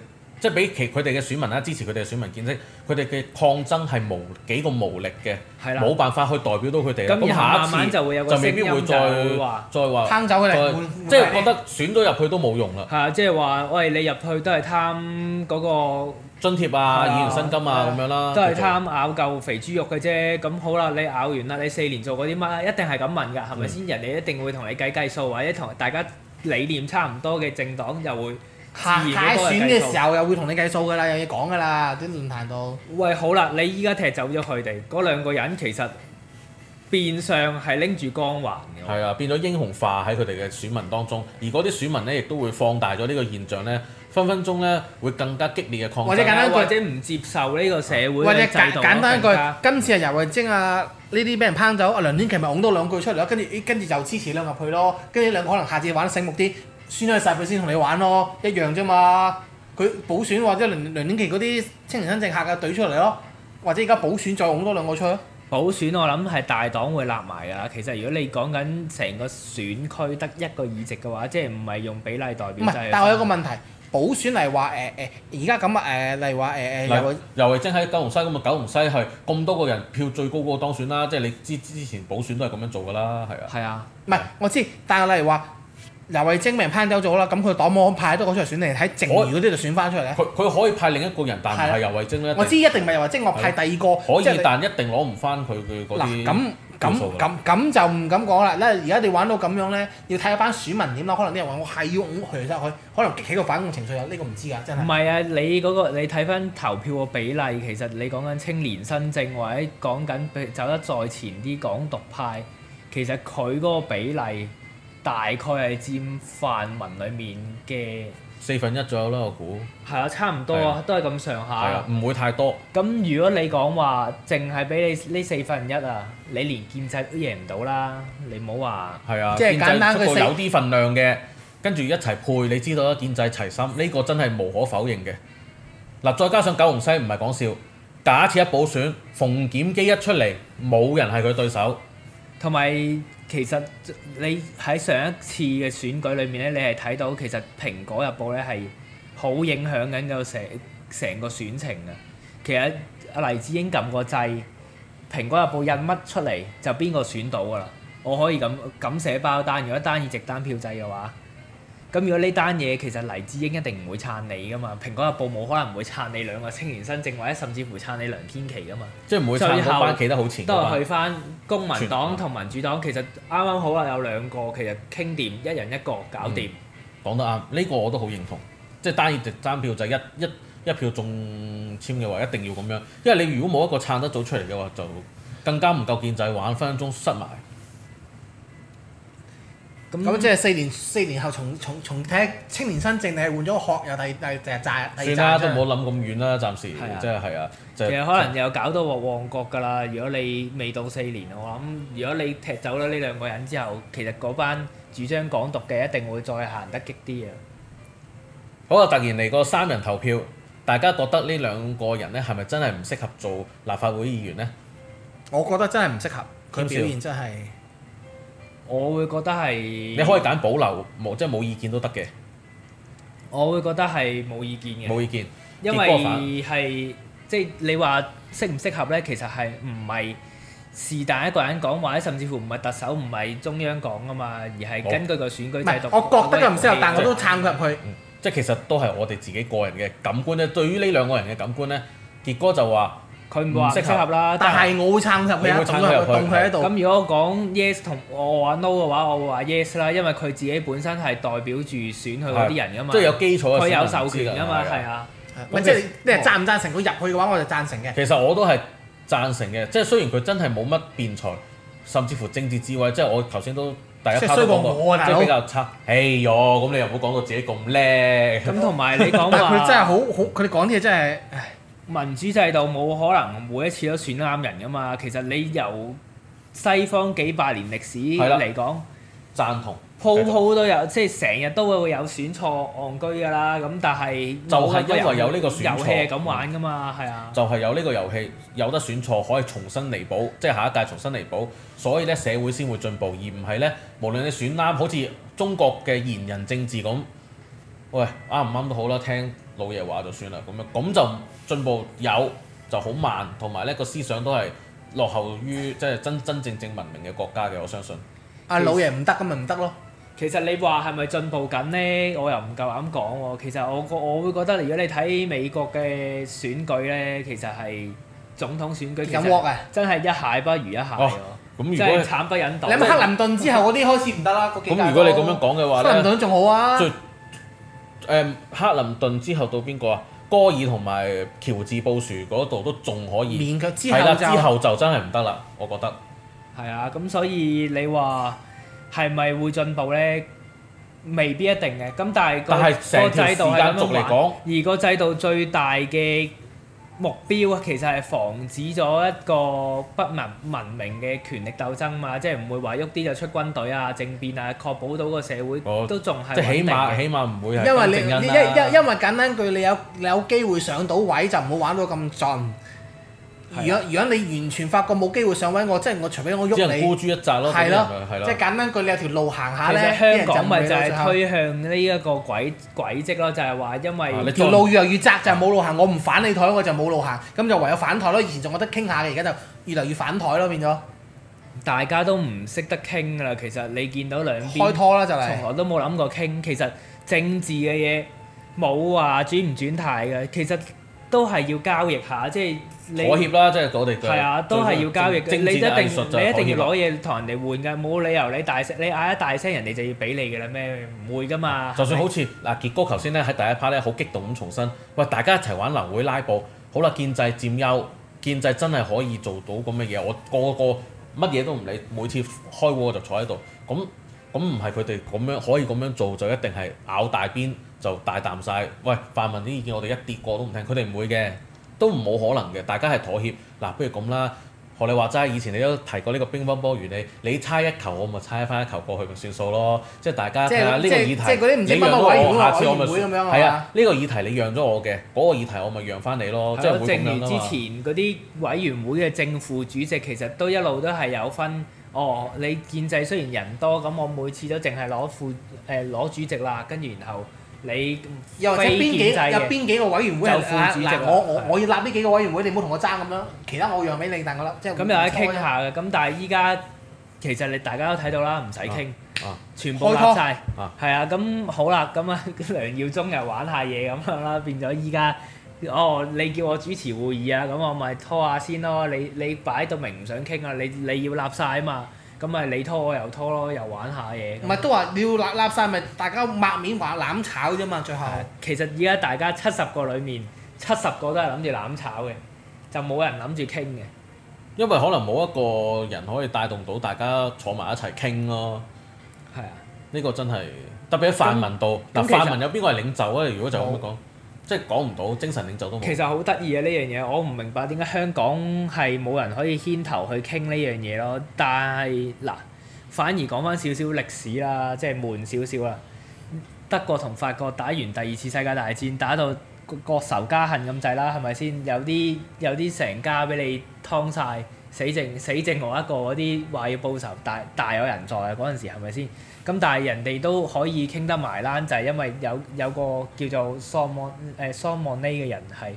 Speaker 1: 即係俾其佢哋嘅選民啦，支持佢哋嘅選民見識，佢哋嘅抗爭係無幾個無力嘅，冇辦法去代表到佢哋。咁慢慢就會有個聲音，就會話，再話攤走佢哋，即係覺得選咗入去都冇用啦。
Speaker 3: 係啊，即係話，喂，你入去都係貪嗰個津貼啊、議員薪金啊咁樣啦，都係貪咬嚿肥豬肉嘅啫。咁好啦，你咬完啦，你四年做過啲乜？一定係咁問㗎，係咪先？人哋一定會同你計計數，或者同大家理念差唔多嘅政黨就會。下選嘅時候
Speaker 2: 又會同你計數噶啦，有嘢講噶啦，啲論壇度。
Speaker 3: 喂，好啦，你依家踢走咗佢哋，嗰兩個人其實
Speaker 1: 變相係拎住光環嘅。係啊，變咗英雄化喺佢哋嘅選民當中，而嗰啲選民咧亦都會放大咗呢個現象咧，分分鐘咧會更加激烈嘅抗爭，或者簡單一句，或者唔接受呢個社會，或者簡單簡單一句，
Speaker 2: 今次係啊，游蕙禎啊，呢啲俾人拋走，阿梁天琦咪拱多兩句出嚟咯，跟住跟住就支持兩個入去咯，跟住兩個可能下次玩得醒目啲。選咗晒佢先同你玩咯，一樣啫嘛。佢補選或者零零年期嗰啲青年新政客嘅隊出嚟咯，或者而家補選再用多兩個出咯。
Speaker 3: 補選我諗係大黨會立埋㗎。其實如果你講緊成個選區得一個議席嘅話，即係唔係用
Speaker 1: 比例代表？但係我有個
Speaker 2: 問題，補選嚟話誒誒，而家咁啊誒，例如話誒誒，
Speaker 1: 游蕙禎喺九龍西咁啊，九龍西係咁多個人票最高嗰個當選啦。即係你之之前補選都係咁樣做㗎啦，係啊。係啊，
Speaker 2: 唔係我知，但係例如話。劉慧卿咪拋走咗啦，咁佢黨網派都攞出嚟選嚟喺剩餘嗰
Speaker 1: 啲就選翻出嚟嘅。佢佢可以派另一個人，但唔係劉慧卿。咧。我知
Speaker 2: 一定唔係劉慧卿，我派第二個。可以，是但
Speaker 1: 一定攞唔翻佢佢嗰啲。嗱，咁咁咁
Speaker 2: 咁就唔敢講啦。咧，而家你玩到咁樣咧，要睇嗰班選民點攞，可能啲人話我係要攬佢入，佢可能激起個反共情緒啊！呢、呢個唔知㗎，真係。
Speaker 3: 唔係啊，你嗰、嗰個你睇翻投票個比例，其實你講緊青年新政或者講緊走得再前啲港獨派，其實佢嗰個比例。大概係佔泛民裡面嘅
Speaker 1: 四分一左右啦，我估。
Speaker 3: 係啊，差唔多啊，都係咁上下。唔、啊、會太多。咁、嗯、如果你講話淨係俾你呢四分一啊，你連建制都贏唔到啦。你唔好話。
Speaker 1: 啊。即係簡單，有啲份量嘅，跟住一齊配，你知道啦，建制齊心呢、呢個真係無可否認嘅。嗱，再加上九龍西唔係講笑，假設一補選馮檢基一出嚟，冇人係佢對手，
Speaker 3: 同埋。其實你喺上一次嘅選舉裏面咧，你係睇到其實《蘋果日報》咧係好影響緊個成成個選情嘅。其實阿黎智英撳個掣，《蘋果日報》印乜出嚟就邊個選到㗎啦。我可以咁咁寫包單，如果單議席單票制嘅話。咁如果呢單嘢，其實黎智英一定唔會撐你㗎嘛，蘋果日報冇可能唔會撐你兩個青年新政或者甚至乎撐你梁天琦㗎嘛，即係唔會撐後。所以後班企得好前，都係去返公民黨
Speaker 1: 同民主黨。黨其實啱啱好啊，有兩個其實傾掂，一人一個搞掂、嗯。講得啱，呢、呢個我都好認同。即係單熱直爭票就係一一一票中籤嘅話，一定要咁樣，因為你如果冇一個撐得早出嚟嘅話，就更加唔夠建制，就係玩分分鐘塞埋。
Speaker 2: 咁即係四年四年後重重重踢青年新政，你係換咗個殼又第第第第二？第二第二算啦、啊，都冇
Speaker 1: 好諗咁遠啦、啊，暫時是、啊、
Speaker 3: 即係是
Speaker 1: 係啊，就是、其實可能
Speaker 3: 又搞到旺旺角㗎啦。如果你未到四年，我諗如果你踢走咗呢兩個人之後，其實嗰班主張港獨嘅一定會再行得激
Speaker 1: 啲啊！好啊，突然嚟個三人投票，大家覺得呢兩個人呢係咪真係唔適合做立法會議員呢？我覺得真係唔適合，佢表現真係。我會覺得係你可以揀保留，冇即係冇意見都得嘅。
Speaker 3: 我會覺得係冇意見嘅。冇意見，
Speaker 1: 因為係
Speaker 3: 即係你話適唔適合咧，其實係唔係是但一個人講話，
Speaker 1: 甚至乎唔係特首，唔係中央講㗎嘛，而係根據個選舉制度我。不我覺得佢唔適合，但的我都撐佢入去。嗯、即係其實都係我哋自己個人嘅感官咧。對於呢兩個人嘅感官咧，傑哥就話。佢唔會話唔適合啦，但係
Speaker 2: 我會撐佢啊！佢喺度。咁如
Speaker 3: 果講 yes 同我話 no 嘅話，我會話 yes 啦，因為佢自己本身係代表住
Speaker 1: 選佢嗰啲人噶嘛。即係有基礎啊！佢有授權啊嘛，係啊。
Speaker 2: 即係你，你贊唔贊成佢入去嘅話，我就贊成嘅。其
Speaker 1: 實我都係贊成嘅，即係雖然佢真係冇乜辯才，甚至乎政治智慧，即係我頭先都大家討論過，即係比較差。哎呦，咁你又冇講到自己咁叻。咁同埋你講話，佢真係
Speaker 2: 好好，佢哋講啲嘢真係。
Speaker 3: 民主制度冇可能每一次都選啱人噶嘛，其實你由西方幾百年歷史嚟講，贊同鋪鋪都有，即係成日都會有選錯戇居噶啦，咁但係就係因為有呢個選錯遊戲係咁玩噶嘛，
Speaker 1: 係啊，就係有呢個遊戲有得選錯可以重新彌補，即係下一屆重新彌補，所以咧社會先會進步，而唔係咧無論你選啱，好似中國嘅賢人政治咁，喂啱唔啱都好啦，聽。老爺話就算啦，咁樣咁就進步有就好慢，同埋呢個思想都係落後於即係真真正正文明嘅國家嘅，我相信。阿、啊、老爺唔
Speaker 2: 得咁咪唔得咯其，
Speaker 1: 其實你話係咪進步緊呢？
Speaker 3: 我又唔夠膽講喎。其實我我我會覺得，如果你睇美國嘅選舉呢，其實係總統選舉，其實真係一蟹不如一蟹咁、啊、如果慘
Speaker 1: 不忍睹。你諗克林
Speaker 2: 頓之後嗰啲開始唔得啦，咁如果你咁樣講
Speaker 1: 嘅話，克林頓仲好啊。嗯、克林頓之後到邊個啊？戈爾同埋喬治布殊嗰度都仲可以，係啦，之後就真係唔得啦，我覺得。係啊，
Speaker 3: 咁所以你話係咪會進步呢？未必一定嘅。咁但係、個制度係咁慢，而個制度最大嘅。目標啊，其實係防止咗一個不文文明嘅權力鬥爭嘛，即係唔會話喐啲就出軍隊啊、政變啊，確保到個社會都仲係、哦、即係起碼
Speaker 1: 起碼唔會係、啊、因為你因因因
Speaker 2: 為簡單句，你有你有機會上到位就唔好玩到咁盡。如果如果你完全發覺冇機會上位，我即係我，除、就、非、是、我喐你，即孤注一擲
Speaker 1: 咯，係咯，係咯，即係簡
Speaker 2: 單句，你有條路行下
Speaker 3: 咧，香港咪就係推向呢一
Speaker 2: 個軌軌跡咯，就係、是、話因為、啊、條路越嚟越窄就，就係冇路行，我唔反你台，我就冇路行，咁就唯有反台咯。而以前仲有得傾下嘅，而家就越嚟越反台咯，變咗大
Speaker 3: 家都唔識得傾㗎啦。其實你見到兩邊開拖啦，就係、是、從來都冇諗過傾。其實政治嘅嘢冇話轉唔轉台嘅轉態，其實都係要交易下，即係。你妥協啦，
Speaker 1: 即係我哋係啊，都係要交易嘅。精你一定要攞嘢
Speaker 3: 同人哋換㗎，冇理由你大，你大聲，你嗌一大聲，人哋就要俾你㗎啦咩？唔會㗎嘛。就算好
Speaker 1: 似嗱傑哥頭先咧喺第一 part 咧好激動咁重申，喂，大家一齊玩流會拉布，好啦，建制佔優，建制真係可以做到咁嘅嘢。我個個乜嘢都唔理，每次開會我就坐喺度。咁咁唔係佢哋咁樣，樣，樣可以咁樣做，就一定係咬大邊就大啖晒。喂，泛民啲意見我哋一啲個都唔聽，佢哋唔會嘅。都唔冇可能嘅，大家係妥協嗱、啊，不如咁啦。學你話齋，以前你都提過呢個乒乓波原理，你猜一球我咪猜翻一球過去咪算數咯。即係大家睇下，呢是個議題，你讓我，下次員會我咪。係啊，呢、這個議題你讓咗我嘅，嗰、那個議題我咪讓翻你咯。對即係會正如之前
Speaker 3: 嗰啲委員會嘅正副主席其實都一路都係有分。哦，你建制雖然人多，咁我每次都淨係攞副誒攞、呃、主席啦，跟住然後。你又或者邊幾又邊幾個委員會副主席？嗱嗱，我我我
Speaker 2: 要立呢幾個委員會，你唔好同我爭咁樣，其他我讓俾你讓、嗯，但我覺得即咁又一傾下
Speaker 3: 嘅，咁但係依家其實你大家都睇到啦，唔使傾，啊啊、全部立晒。係啊拓，咁好啦，咁啊梁耀忠又玩下嘢咁樣啦，變咗依家哦，你叫我主持會議啊，咁我咪拖下先咯，你你擺到明唔想傾啊，你你要立晒啊嘛。咁咪你拖我又拖咯，又玩下嘢。唔
Speaker 2: 係都話你要
Speaker 3: 攬攬晒咪？是是大
Speaker 2: 家抹面玩
Speaker 3: 攬炒啫嘛，最後。其實而家大家七十個裡面，七十個都係諗住攬炒
Speaker 1: 嘅，就冇人諗住傾嘅。因為可能冇一個人可以帶動到大家坐埋一齊傾咯。係啊的，呢個真係特別喺泛民度嗱，嗯嗯、泛民有邊個係領袖啊？如果就咁講。哦即係講唔到精神領袖都冇。其實好得意啊呢樣
Speaker 3: 嘢，我唔明白點解香港係冇人可以牽頭去傾呢樣嘢咯。但係嗱，反而講翻少少歷史啦，即係悶少少啦。德國同法國打完第二次世界大戰，打到國仇家恨咁滯啦，係咪先？有啲有啲成家俾你劏晒，死剩死剩我一個嗰啲話要報仇，大大有人在啊！嗰陣時係咪先？咁但係人哋都可以傾得埋啦，就係、是、因為有有個叫做桑莫誒桑莫尼嘅人係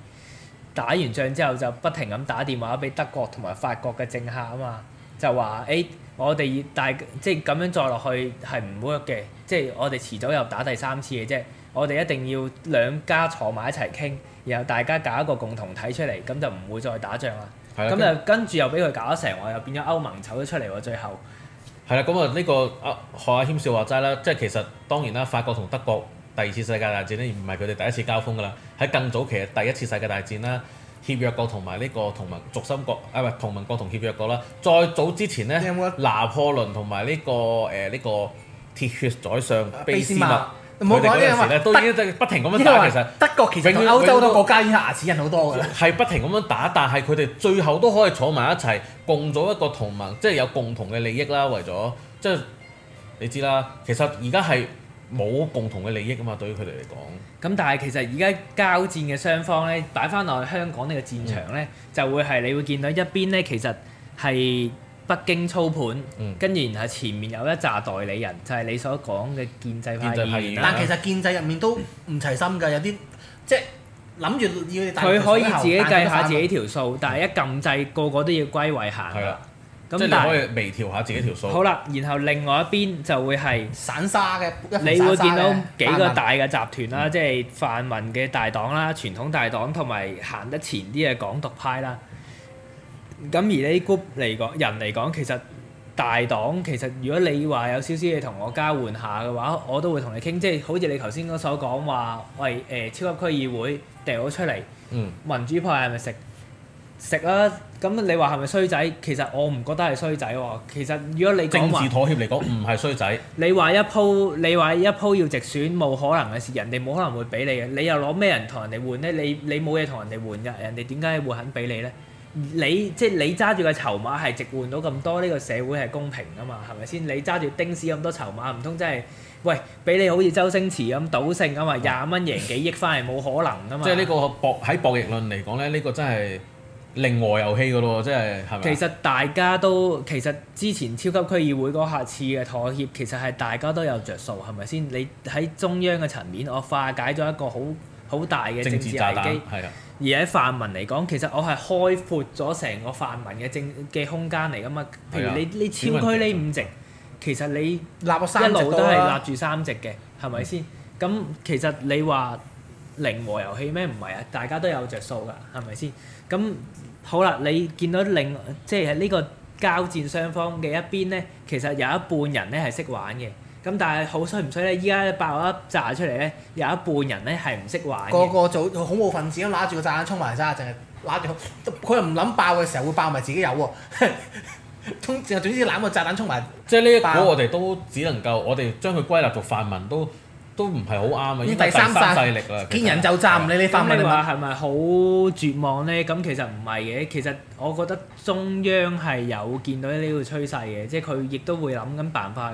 Speaker 3: 打完仗之後就不停咁打電話俾德國同埋法國嘅政客啊嘛，就話誒、欸、我哋要但即係咁樣再落去係唔 work 嘅，即係我哋遲早又打第三次嘅啫。我哋一定要兩家坐埋一齊傾，然後大家搞一個共同體出嚟，咁就唔會再打仗啦。咁的就跟住又俾佢搞成喎，又變咗歐盟湊咗出嚟喎，最後。
Speaker 1: 係啦，咁、這個、啊呢個阿何阿謙笑話齋啦，即係其實當然啦，法國同德國第二次世界大戰咧，而唔係佢哋第一次交鋒噶啦，喺更早期嘅第一次世界大戰啦，協約國同埋呢個同盟軸心國啊，唔、哎、係同盟國同協約國啦。再早之前咧，嗯嗯、拿破崙同埋呢個誒呢、呃這個鐵血宰相、啊、俾斯麥。冇，唔好講呢樣話，都已經不停咁樣打。其實德國其實歐洲都，都國
Speaker 2: 家已經牙齒印好多㗎啦。
Speaker 1: 係不停咁樣打，但係佢哋最後都可以坐埋一齊，共咗一個同盟，即係有共同嘅利益啦。為咗即係你知啦，其實而家係冇共同嘅利益啊嘛，對於佢哋嚟講。咁但係其實而家交戰嘅雙方咧，擺翻落香港呢個
Speaker 3: 戰場咧，嗯、就會係你會見到一邊咧，其實係。北京操盤，跟、嗯、然後前面有一扎代理人，就係、是、你所講嘅建制派，制派但其實
Speaker 2: 建制入面都唔齊心㗎，有啲即係諗住要。佢可以自己計下自己
Speaker 3: 條數，嗯、但係一㩒掣個個都要歸位行。係咁、嗯、那即係你可以微調下自己條數。好啦，然後另外一邊就會係散沙嘅，沙你會見到幾個大嘅集團啦，嗯、即係泛民嘅大黨啦、傳統大黨同埋行得前啲嘅港獨派啦。咁而呢 group 嚟講，人嚟講，其實大黨其實，如果你話有少少嘢同我交換下嘅話，我都會同你傾，即係好似你頭先所講話，喂誒、呃，超級區議會掉咗出嚟，嗯、民主派係咪食食啦，咁你話係咪衰仔？其實我唔覺得係衰仔喎。其實如果你講政治妥協嚟講，
Speaker 1: 唔係衰仔。
Speaker 3: 你話一鋪，你話一鋪要直選，冇可能嘅事，人哋冇可能會俾你嘅。你又攞咩人同人哋換咧？你你冇嘢同人哋換噶，人哋點解會肯俾你咧？你即係你揸住個籌碼係直換到咁多呢個社會係公平㗎嘛係咪先？你揸住丁氏咁多籌碼，唔通真係喂俾你好似周星馳咁賭聖㗎嘛？廿蚊贏幾億翻嚟冇可能㗎嘛？即係呢個博喺博弈論嚟講咧，呢個真係另外遊戲㗎咯，真係係咪？其實大家都其實之前超級區議會嗰下次嘅妥協，其實係大家都有着數係咪先？你喺中央嘅層面，我化解咗一個好好大嘅政治危機。而喺泛民嚟講，其實我係開闊咗成個泛民嘅政嘅空間嚟噶嘛。譬如你你超區呢五席，其實你立三席多一路都係立住三席嘅，係咪先？咁其實你話零和遊戲咩？唔係啊，大家都有着數噶，係咪先？咁好啦，你見到另即係喺呢個交戰雙方嘅一邊咧，其實有一半人咧係識玩嘅。咁但係好衰唔衰咧？依家爆一炸出嚟咧，有一半
Speaker 2: 人咧係唔識玩嘅。個個做恐怖分子咁揦住個炸彈衝埋曬，淨係揦住佢，又唔諗爆嘅時候會爆埋自己有喎。通，淨係總之揦個炸彈衝埋。
Speaker 1: 即係呢一波，我哋都只能夠，我哋將佢歸納做泛民，都都唔係好啱啊！依家第三勢力啊，見
Speaker 3: 人就炸唔理你泛民嘛對，係咪好絕望咧？咁其實唔係嘅，其實我覺得中央係有見到呢個趨勢嘅，即係佢亦都會諗緊辦法。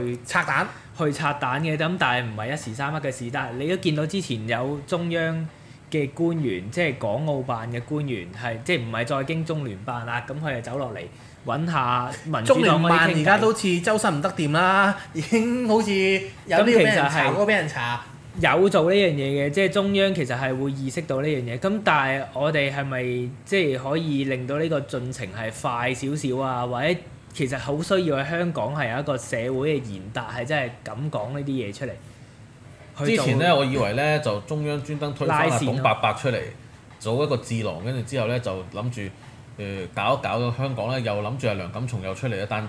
Speaker 3: 去拆彈，去拆彈嘅，咁但係唔係一時三刻嘅事。但係你都見到之前有中央嘅官員，即係港澳辦嘅官員，係即係唔係再經中聯辦啦，咁佢係走落嚟揾下民主黨。中聯辦而家都似周身唔得掂啦，已經好似有啲其實係俾人查，有俾人查。有做呢樣嘢嘅，即係中央其實係會意識到呢樣嘢。咁但係我哋係咪即係可以令到呢個進程係快少少啊？或者？其實好需要喺香港係有一個社會嘅賢達，係真係敢講呢啲嘢出嚟。之
Speaker 1: 前呢，我以為呢就中央專登推翻啊董伯伯出嚟做一個智囊，跟住之後呢，就諗住誒搞一搞香港呢又諗住阿梁錦松又出嚟，一但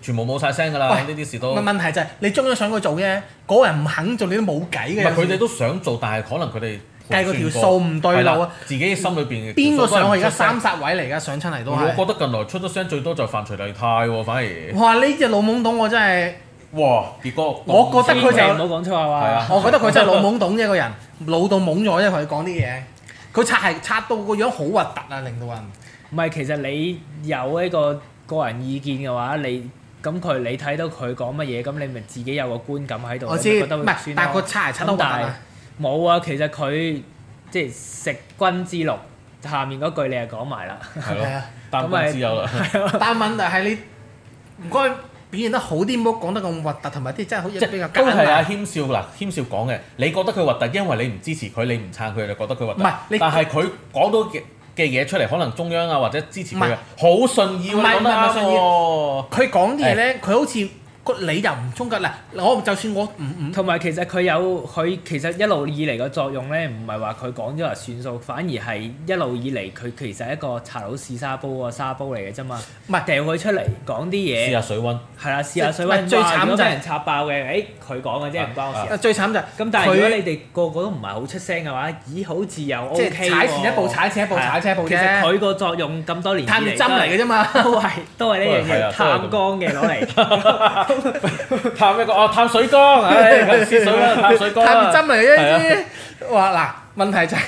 Speaker 1: 全部冇晒聲㗎啦，呢啲喂事都唔係問
Speaker 2: 題就係、是、你中央想佢做啫，嗰、那個、人唔肯做你都冇計嘅。佢哋不都
Speaker 1: 想做，但係可能佢哋。計個條數唔對路啊！自己心裏邊邊個上去？而家三
Speaker 2: 殺位嚟噶，上親嚟都。我覺
Speaker 1: 得近來出咗聲最多就係范徐麗泰喎，反而。
Speaker 2: 哇！呢隻老懵懂，我真係。
Speaker 1: 哇！傑哥，我覺得佢就唔好講錯啊嘛。我覺得佢真係老懵
Speaker 2: 懂啫，個人老到懵咗啫，佢講啲嘢。佢拆係拆到個樣好核突啊，令到人。唔係，其實你有呢個個人意見嘅話，你
Speaker 3: 咁佢你睇到佢講乜嘢，咁你咪自己有個觀感喺度。我知。唔係算啦，但係。冇啊，其實佢即係食君之祿，下面嗰
Speaker 1: 句你又講埋啦。係咯了。 (laughs) 擔君之憂啦。
Speaker 2: (laughs) 但問題係你唔該表現得好啲，唔好講得咁核突，同埋啲真係好似比較都係啊，
Speaker 1: 謙少嗱，謙少講嘅，你覺得佢核突，因為你唔支持佢，你唔撐佢，你就覺得佢核突。唔係，但係佢講到嘅嘅嘢出嚟，可能中央啊或者支持佢好順意喎。唔順意
Speaker 2: 喎，佢講啲嘢咧，佢好似。個理由唔衝突啦！我就算我唔唔同埋，其實佢有佢
Speaker 3: 其實一路以嚟個作用咧，唔係話佢講咗話算數，反而係一路以嚟佢其實係一個插佬試沙煲個沙煲嚟嘅啫嘛。唔係掉佢出嚟講啲嘢。試下水温係啦，試下水温。最慘就係人插爆嘅，誒佢講嘅啫，唔關我事。最慘就咁，但係如果你哋個個都唔係好出聲嘅話，咦，好自由踩前一步，踩前一步，踩前一步，其實，佢個作用咁多年探針嚟嘅
Speaker 2: 啫嘛，都係都係呢樣嘢探
Speaker 3: 光嘅攞
Speaker 1: 嚟。探咩工？哦，探水缸？唉，水啦，探水工啦。探針嚟嘅，
Speaker 2: 話嗱，問題就係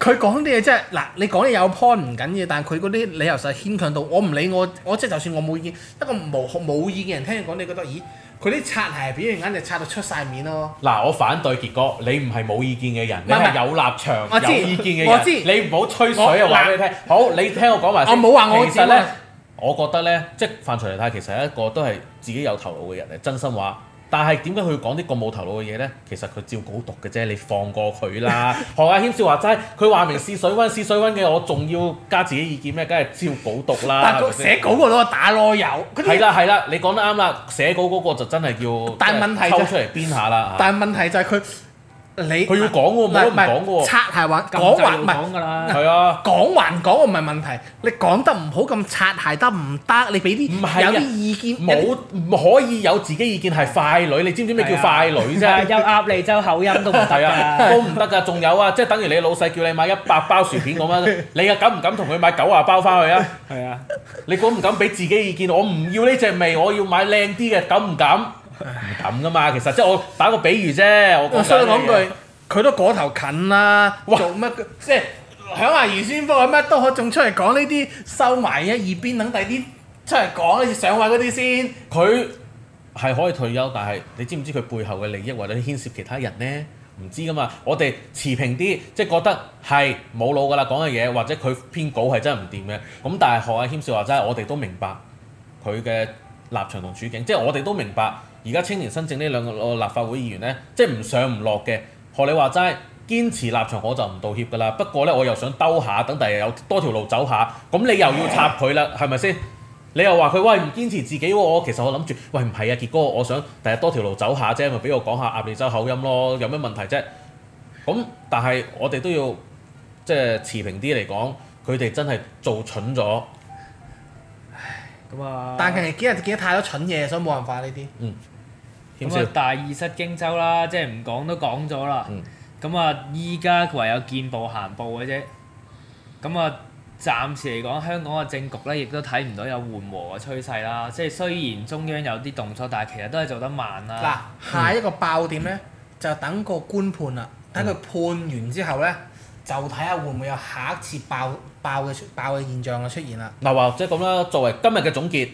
Speaker 2: 佢講啲嘢真係嗱，你講嘢有 point 唔緊要，但係佢嗰啲理由實牽強到，我唔理我，我即係就算我冇意見，一個無冇意見嘅人聽佢講，你覺得，咦？佢啲刷鞋表現簡直刷到出晒面咯。
Speaker 1: 嗱，我反對傑哥，你唔係冇意見嘅人，你係有立場、有意見嘅人，你唔好吹水啊！話俾你聽，好，你聽我講埋我冇話我，其實咧。我覺得呢，即係范徐麗泰，他其實係一個都係自己有頭腦嘅人嚟，真心話。但係點解佢講啲咁冇頭腦嘅嘢呢？其實佢照稿讀嘅啫，你放過佢啦。何亞軒笑話齋，佢話明試水温，試水温嘅我仲要加自己意見咩？梗係照稿讀啦。但係寫稿嗰
Speaker 2: 個都係打籮柚。
Speaker 1: 係啦係啦，你講得啱啦，寫稿嗰個嗎、嗯、就真係叫抽出嚟鞭下啦。但係
Speaker 2: 問題就係、是、佢。你佢要講喎，冇得唔講喎。擦鞋話講還唔講㗎啦，係啊，講還講唔係問題。你講得唔好咁擦鞋得唔得？你俾啲有啲意見，
Speaker 1: 冇可以有自己意見係快女，你知唔知咩叫快女啫？有鴨脷洲口音都唔得啊，都唔得㗎。仲有啊，即係等於你老細叫你買一百包薯片咁樣，你又敢唔敢同佢買九啊包翻去啊？係啊，你敢唔敢俾自己意見？我唔要呢隻味，我要買靚啲嘅，敢唔敢？唔敢噶嘛，其實即係我打個比喻啫，我想嘅講句，
Speaker 2: 佢 (laughs) 都嗰頭近啦。做乜？哇即
Speaker 1: 係響話二千福，乜
Speaker 2: (laughs) 都可，仲出嚟講呢啲收埋一、啊、二邊等第啲出嚟講好似上位嗰啲先。
Speaker 1: 佢係可以退休，但係你知唔知佢背後嘅利益或者牽涉其他人呢？唔知噶嘛。我哋持平啲，即、就、係、是、覺得係冇腦噶啦講嘅嘢，或者佢編稿係真係唔掂嘅。咁但係何阿軒笑話真係，我哋都明白佢嘅立場同處境，即、就、係、是、我哋都明白、mm。Hmm. 而家青年新政呢兩個立法會議員咧，即係唔上唔落嘅。學你話齋，堅持立場我就唔道歉噶啦。不過咧，我又想兜下，等第日有多條路走下。咁你又要插佢啦，係咪先？你又話佢喂唔堅持自己喎、啊？我其實我諗住，喂唔係啊，傑哥，我想第日多條路走下啫，咪俾我講下亞美洲口音咯，有咩問題啫？咁但係我哋都要即係持平啲嚟講，佢哋真係做蠢咗。
Speaker 2: 嗯、但係其實幾日就見到太多蠢嘢，所以冇辦法呢啲。嗯。
Speaker 3: 咁啊，大意失荊州啦，即係唔講都講咗啦。咁啊、嗯，依家唯有見步行步嘅啫。咁啊，暫時嚟講，香港嘅政局咧，亦都睇唔到有緩和嘅趨勢啦。即係雖然中央有啲動作，但係其實都係做得慢啦。嗱、嗯，下一
Speaker 2: 個爆點咧，嗯、就等個官判啦，嗯、等佢判完之後咧。就睇下會唔會有下一次爆爆嘅、爆嘅現象嘅出現啦。
Speaker 1: 嗱，或者咁啦，作為今日嘅總結，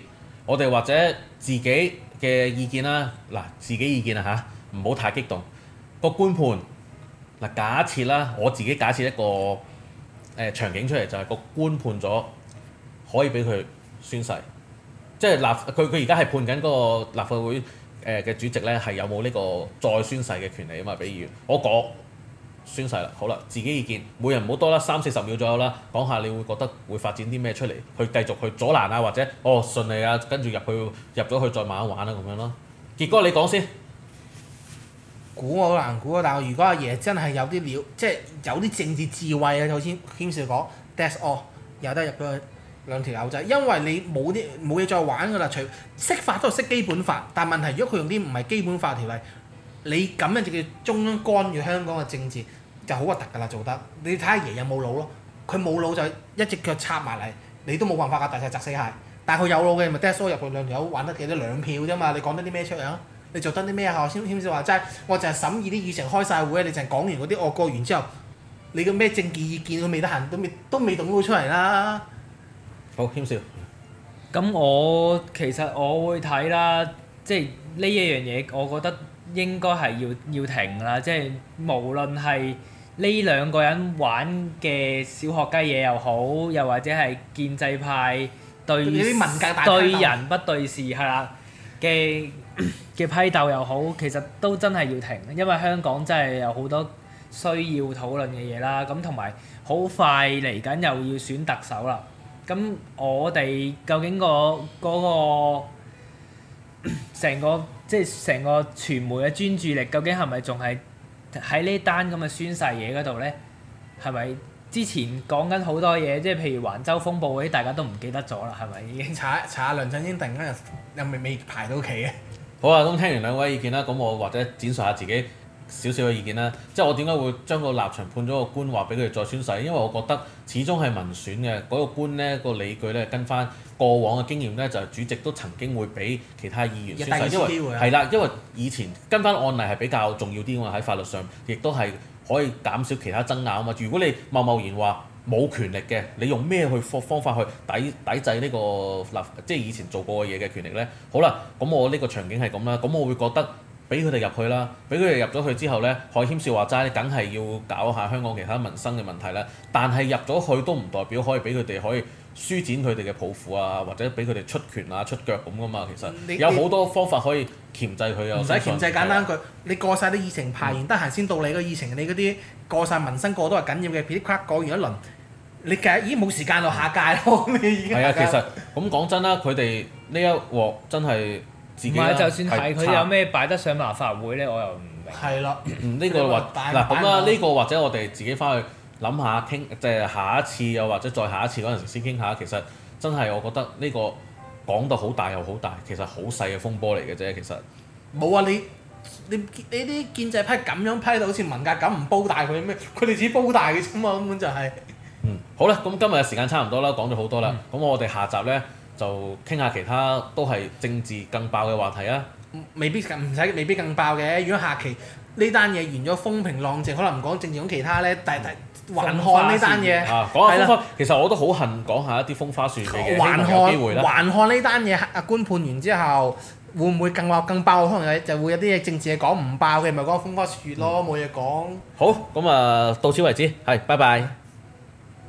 Speaker 1: 我哋或者自己嘅意見啦，嗱，自己意見啊吓，唔好太激動。個官判嗱，假設啦，我自己假設一個誒場景出嚟，就係、是、個官判咗可以俾佢宣誓，即係立佢佢而家係判緊嗰個立法會誒嘅主席咧，係有冇呢個再宣誓嘅權利啊嘛？比如我講。宣誓啦，好啦，自己意見，每人唔好多啦，三四十秒左右啦，講下你會覺得會發展啲咩出嚟，去繼續去阻攔啊，或者哦順利啊，跟住入去入咗去再慢慢玩啊咁樣咯。結果你講先。估我好難估，
Speaker 2: 但係如果阿爺真係有啲料，即係有啲政治智慧啊，就先先少講。That's all，有得入咗去，兩條友仔，因為你冇啲冇嘢再玩噶啦，除識法都係識基本法，但係問題如果佢用啲唔係基本法條例。你咁樣就叫中央干預香港嘅政治，就好核突㗎啦！做得，你睇下爺爺有冇腦咯？佢冇腦就一隻腳插埋嚟，你都冇辦法㗎，大細擸死鞋。但係佢有腦嘅，咪得 a z 入去兩條友，玩得幾多兩票啫嘛？你講得啲咩出嚟啊？你做得啲咩嚇？謙謙少話真係，我就係審議啲議程開晒會咧，你淨係講完嗰啲惡歌完之後，你嘅咩政見意見都未得閒，都未都未讀到出嚟啦。
Speaker 1: 好，謙少。
Speaker 2: 咁、嗯、我其實我會
Speaker 3: 睇啦，即係呢一樣嘢，我覺得。應該係要要停啦，即係無論係呢兩個人玩嘅小學雞嘢又好，又或者係建制派對文對人不對事係啦嘅嘅批鬥又好，其實都真係要停，因為香港真係有好多需要討論嘅嘢啦。咁同埋好快嚟緊又要選特首啦。咁我哋究竟個嗰個成個？那個即係成個傳媒嘅專注力，究竟係咪仲係喺呢單咁嘅宣誓嘢嗰度咧？係咪之前講緊好多嘢？即係譬如環州風暴嗰啲，大家都唔記得咗啦，係咪？已經查查下梁振英，突然間又又未未
Speaker 2: 排到期
Speaker 1: 嘅。好啊，咁聽完兩位意見啦，咁我或者展述下自己。少少嘅意見啦，即係我點解會將個立場判咗個官話俾佢再宣誓？因為我覺得始終係民選嘅，嗰、嗰個官咧、那個理據咧跟翻過往嘅經驗咧，就係、主席都曾經會俾其他議員宣誓，因為係啦，因為以前跟翻案例係比較重要啲嘛，喺法律上亦都係可以減少其他爭拗啊嘛。如果你貿貿然話冇權力嘅，你用咩去方方法去抵抵制呢個立，即、就、係、是、以前做過嘅嘢嘅權力咧？好啦，咁我呢個場景係咁啦，咁我會覺得。俾佢哋入去啦，俾佢哋入咗去之後咧，海謙笑話齋，梗係要搞下香港其他民生嘅問題啦。但係入咗去都唔代表可以俾佢哋可以舒展佢哋嘅抱負啊，或者俾佢哋出拳啊、出腳咁㗎嘛。其實你有好多方法可以鉗制佢啊。唔使鉗制簡單句，嗯、
Speaker 2: 你過晒啲議程排完，得閒先到你個議程。你嗰啲過晒民生過都係緊要嘅，噼里啪啦講完一輪，你其實已經冇時間咯，下屆咯。係啊，其實
Speaker 1: 咁講真啦，佢哋呢一鑊真係。唔係、啊，就算係佢有咩
Speaker 3: 擺得上立法會咧，我又唔明。係啦的。呢、嗯，這個或嗱咁啊，呢
Speaker 1: 個 (laughs) 或者我哋自己翻去諗下傾，即係、就是、下一次又或者再下一次嗰陣時先傾下。其實真係我覺得呢個講到好大又好大，其實好細嘅風波嚟嘅啫。其實冇啊，你你你啲建制派咁樣批到
Speaker 2: 好似文革咁唔煲大佢咩？佢哋自己煲大嘅啫嘛，根本就係、是。 (laughs) 嗯。
Speaker 1: 好啦，咁今日嘅時間差唔多啦，講咗好多啦，咁、嗯、我哋下集咧。就傾下其他都係政治更爆嘅話題啊！未必唔使未必更爆嘅，如果下期呢單嘢完咗風
Speaker 2: 平浪靜，可能唔講政治講其他咧，但係還看呢單嘢。講下風花
Speaker 1: 啦其實我都好恨講一下一啲風花雪月嘅恨機會還
Speaker 2: 看呢單嘢啊，官判完之後，會唔會更話更爆？可能就就會有啲嘢政治係講唔爆嘅，咪、就、講、是、風花雪月咯，冇嘢、嗯、講。
Speaker 1: 好，咁啊，到此為止，係，拜拜。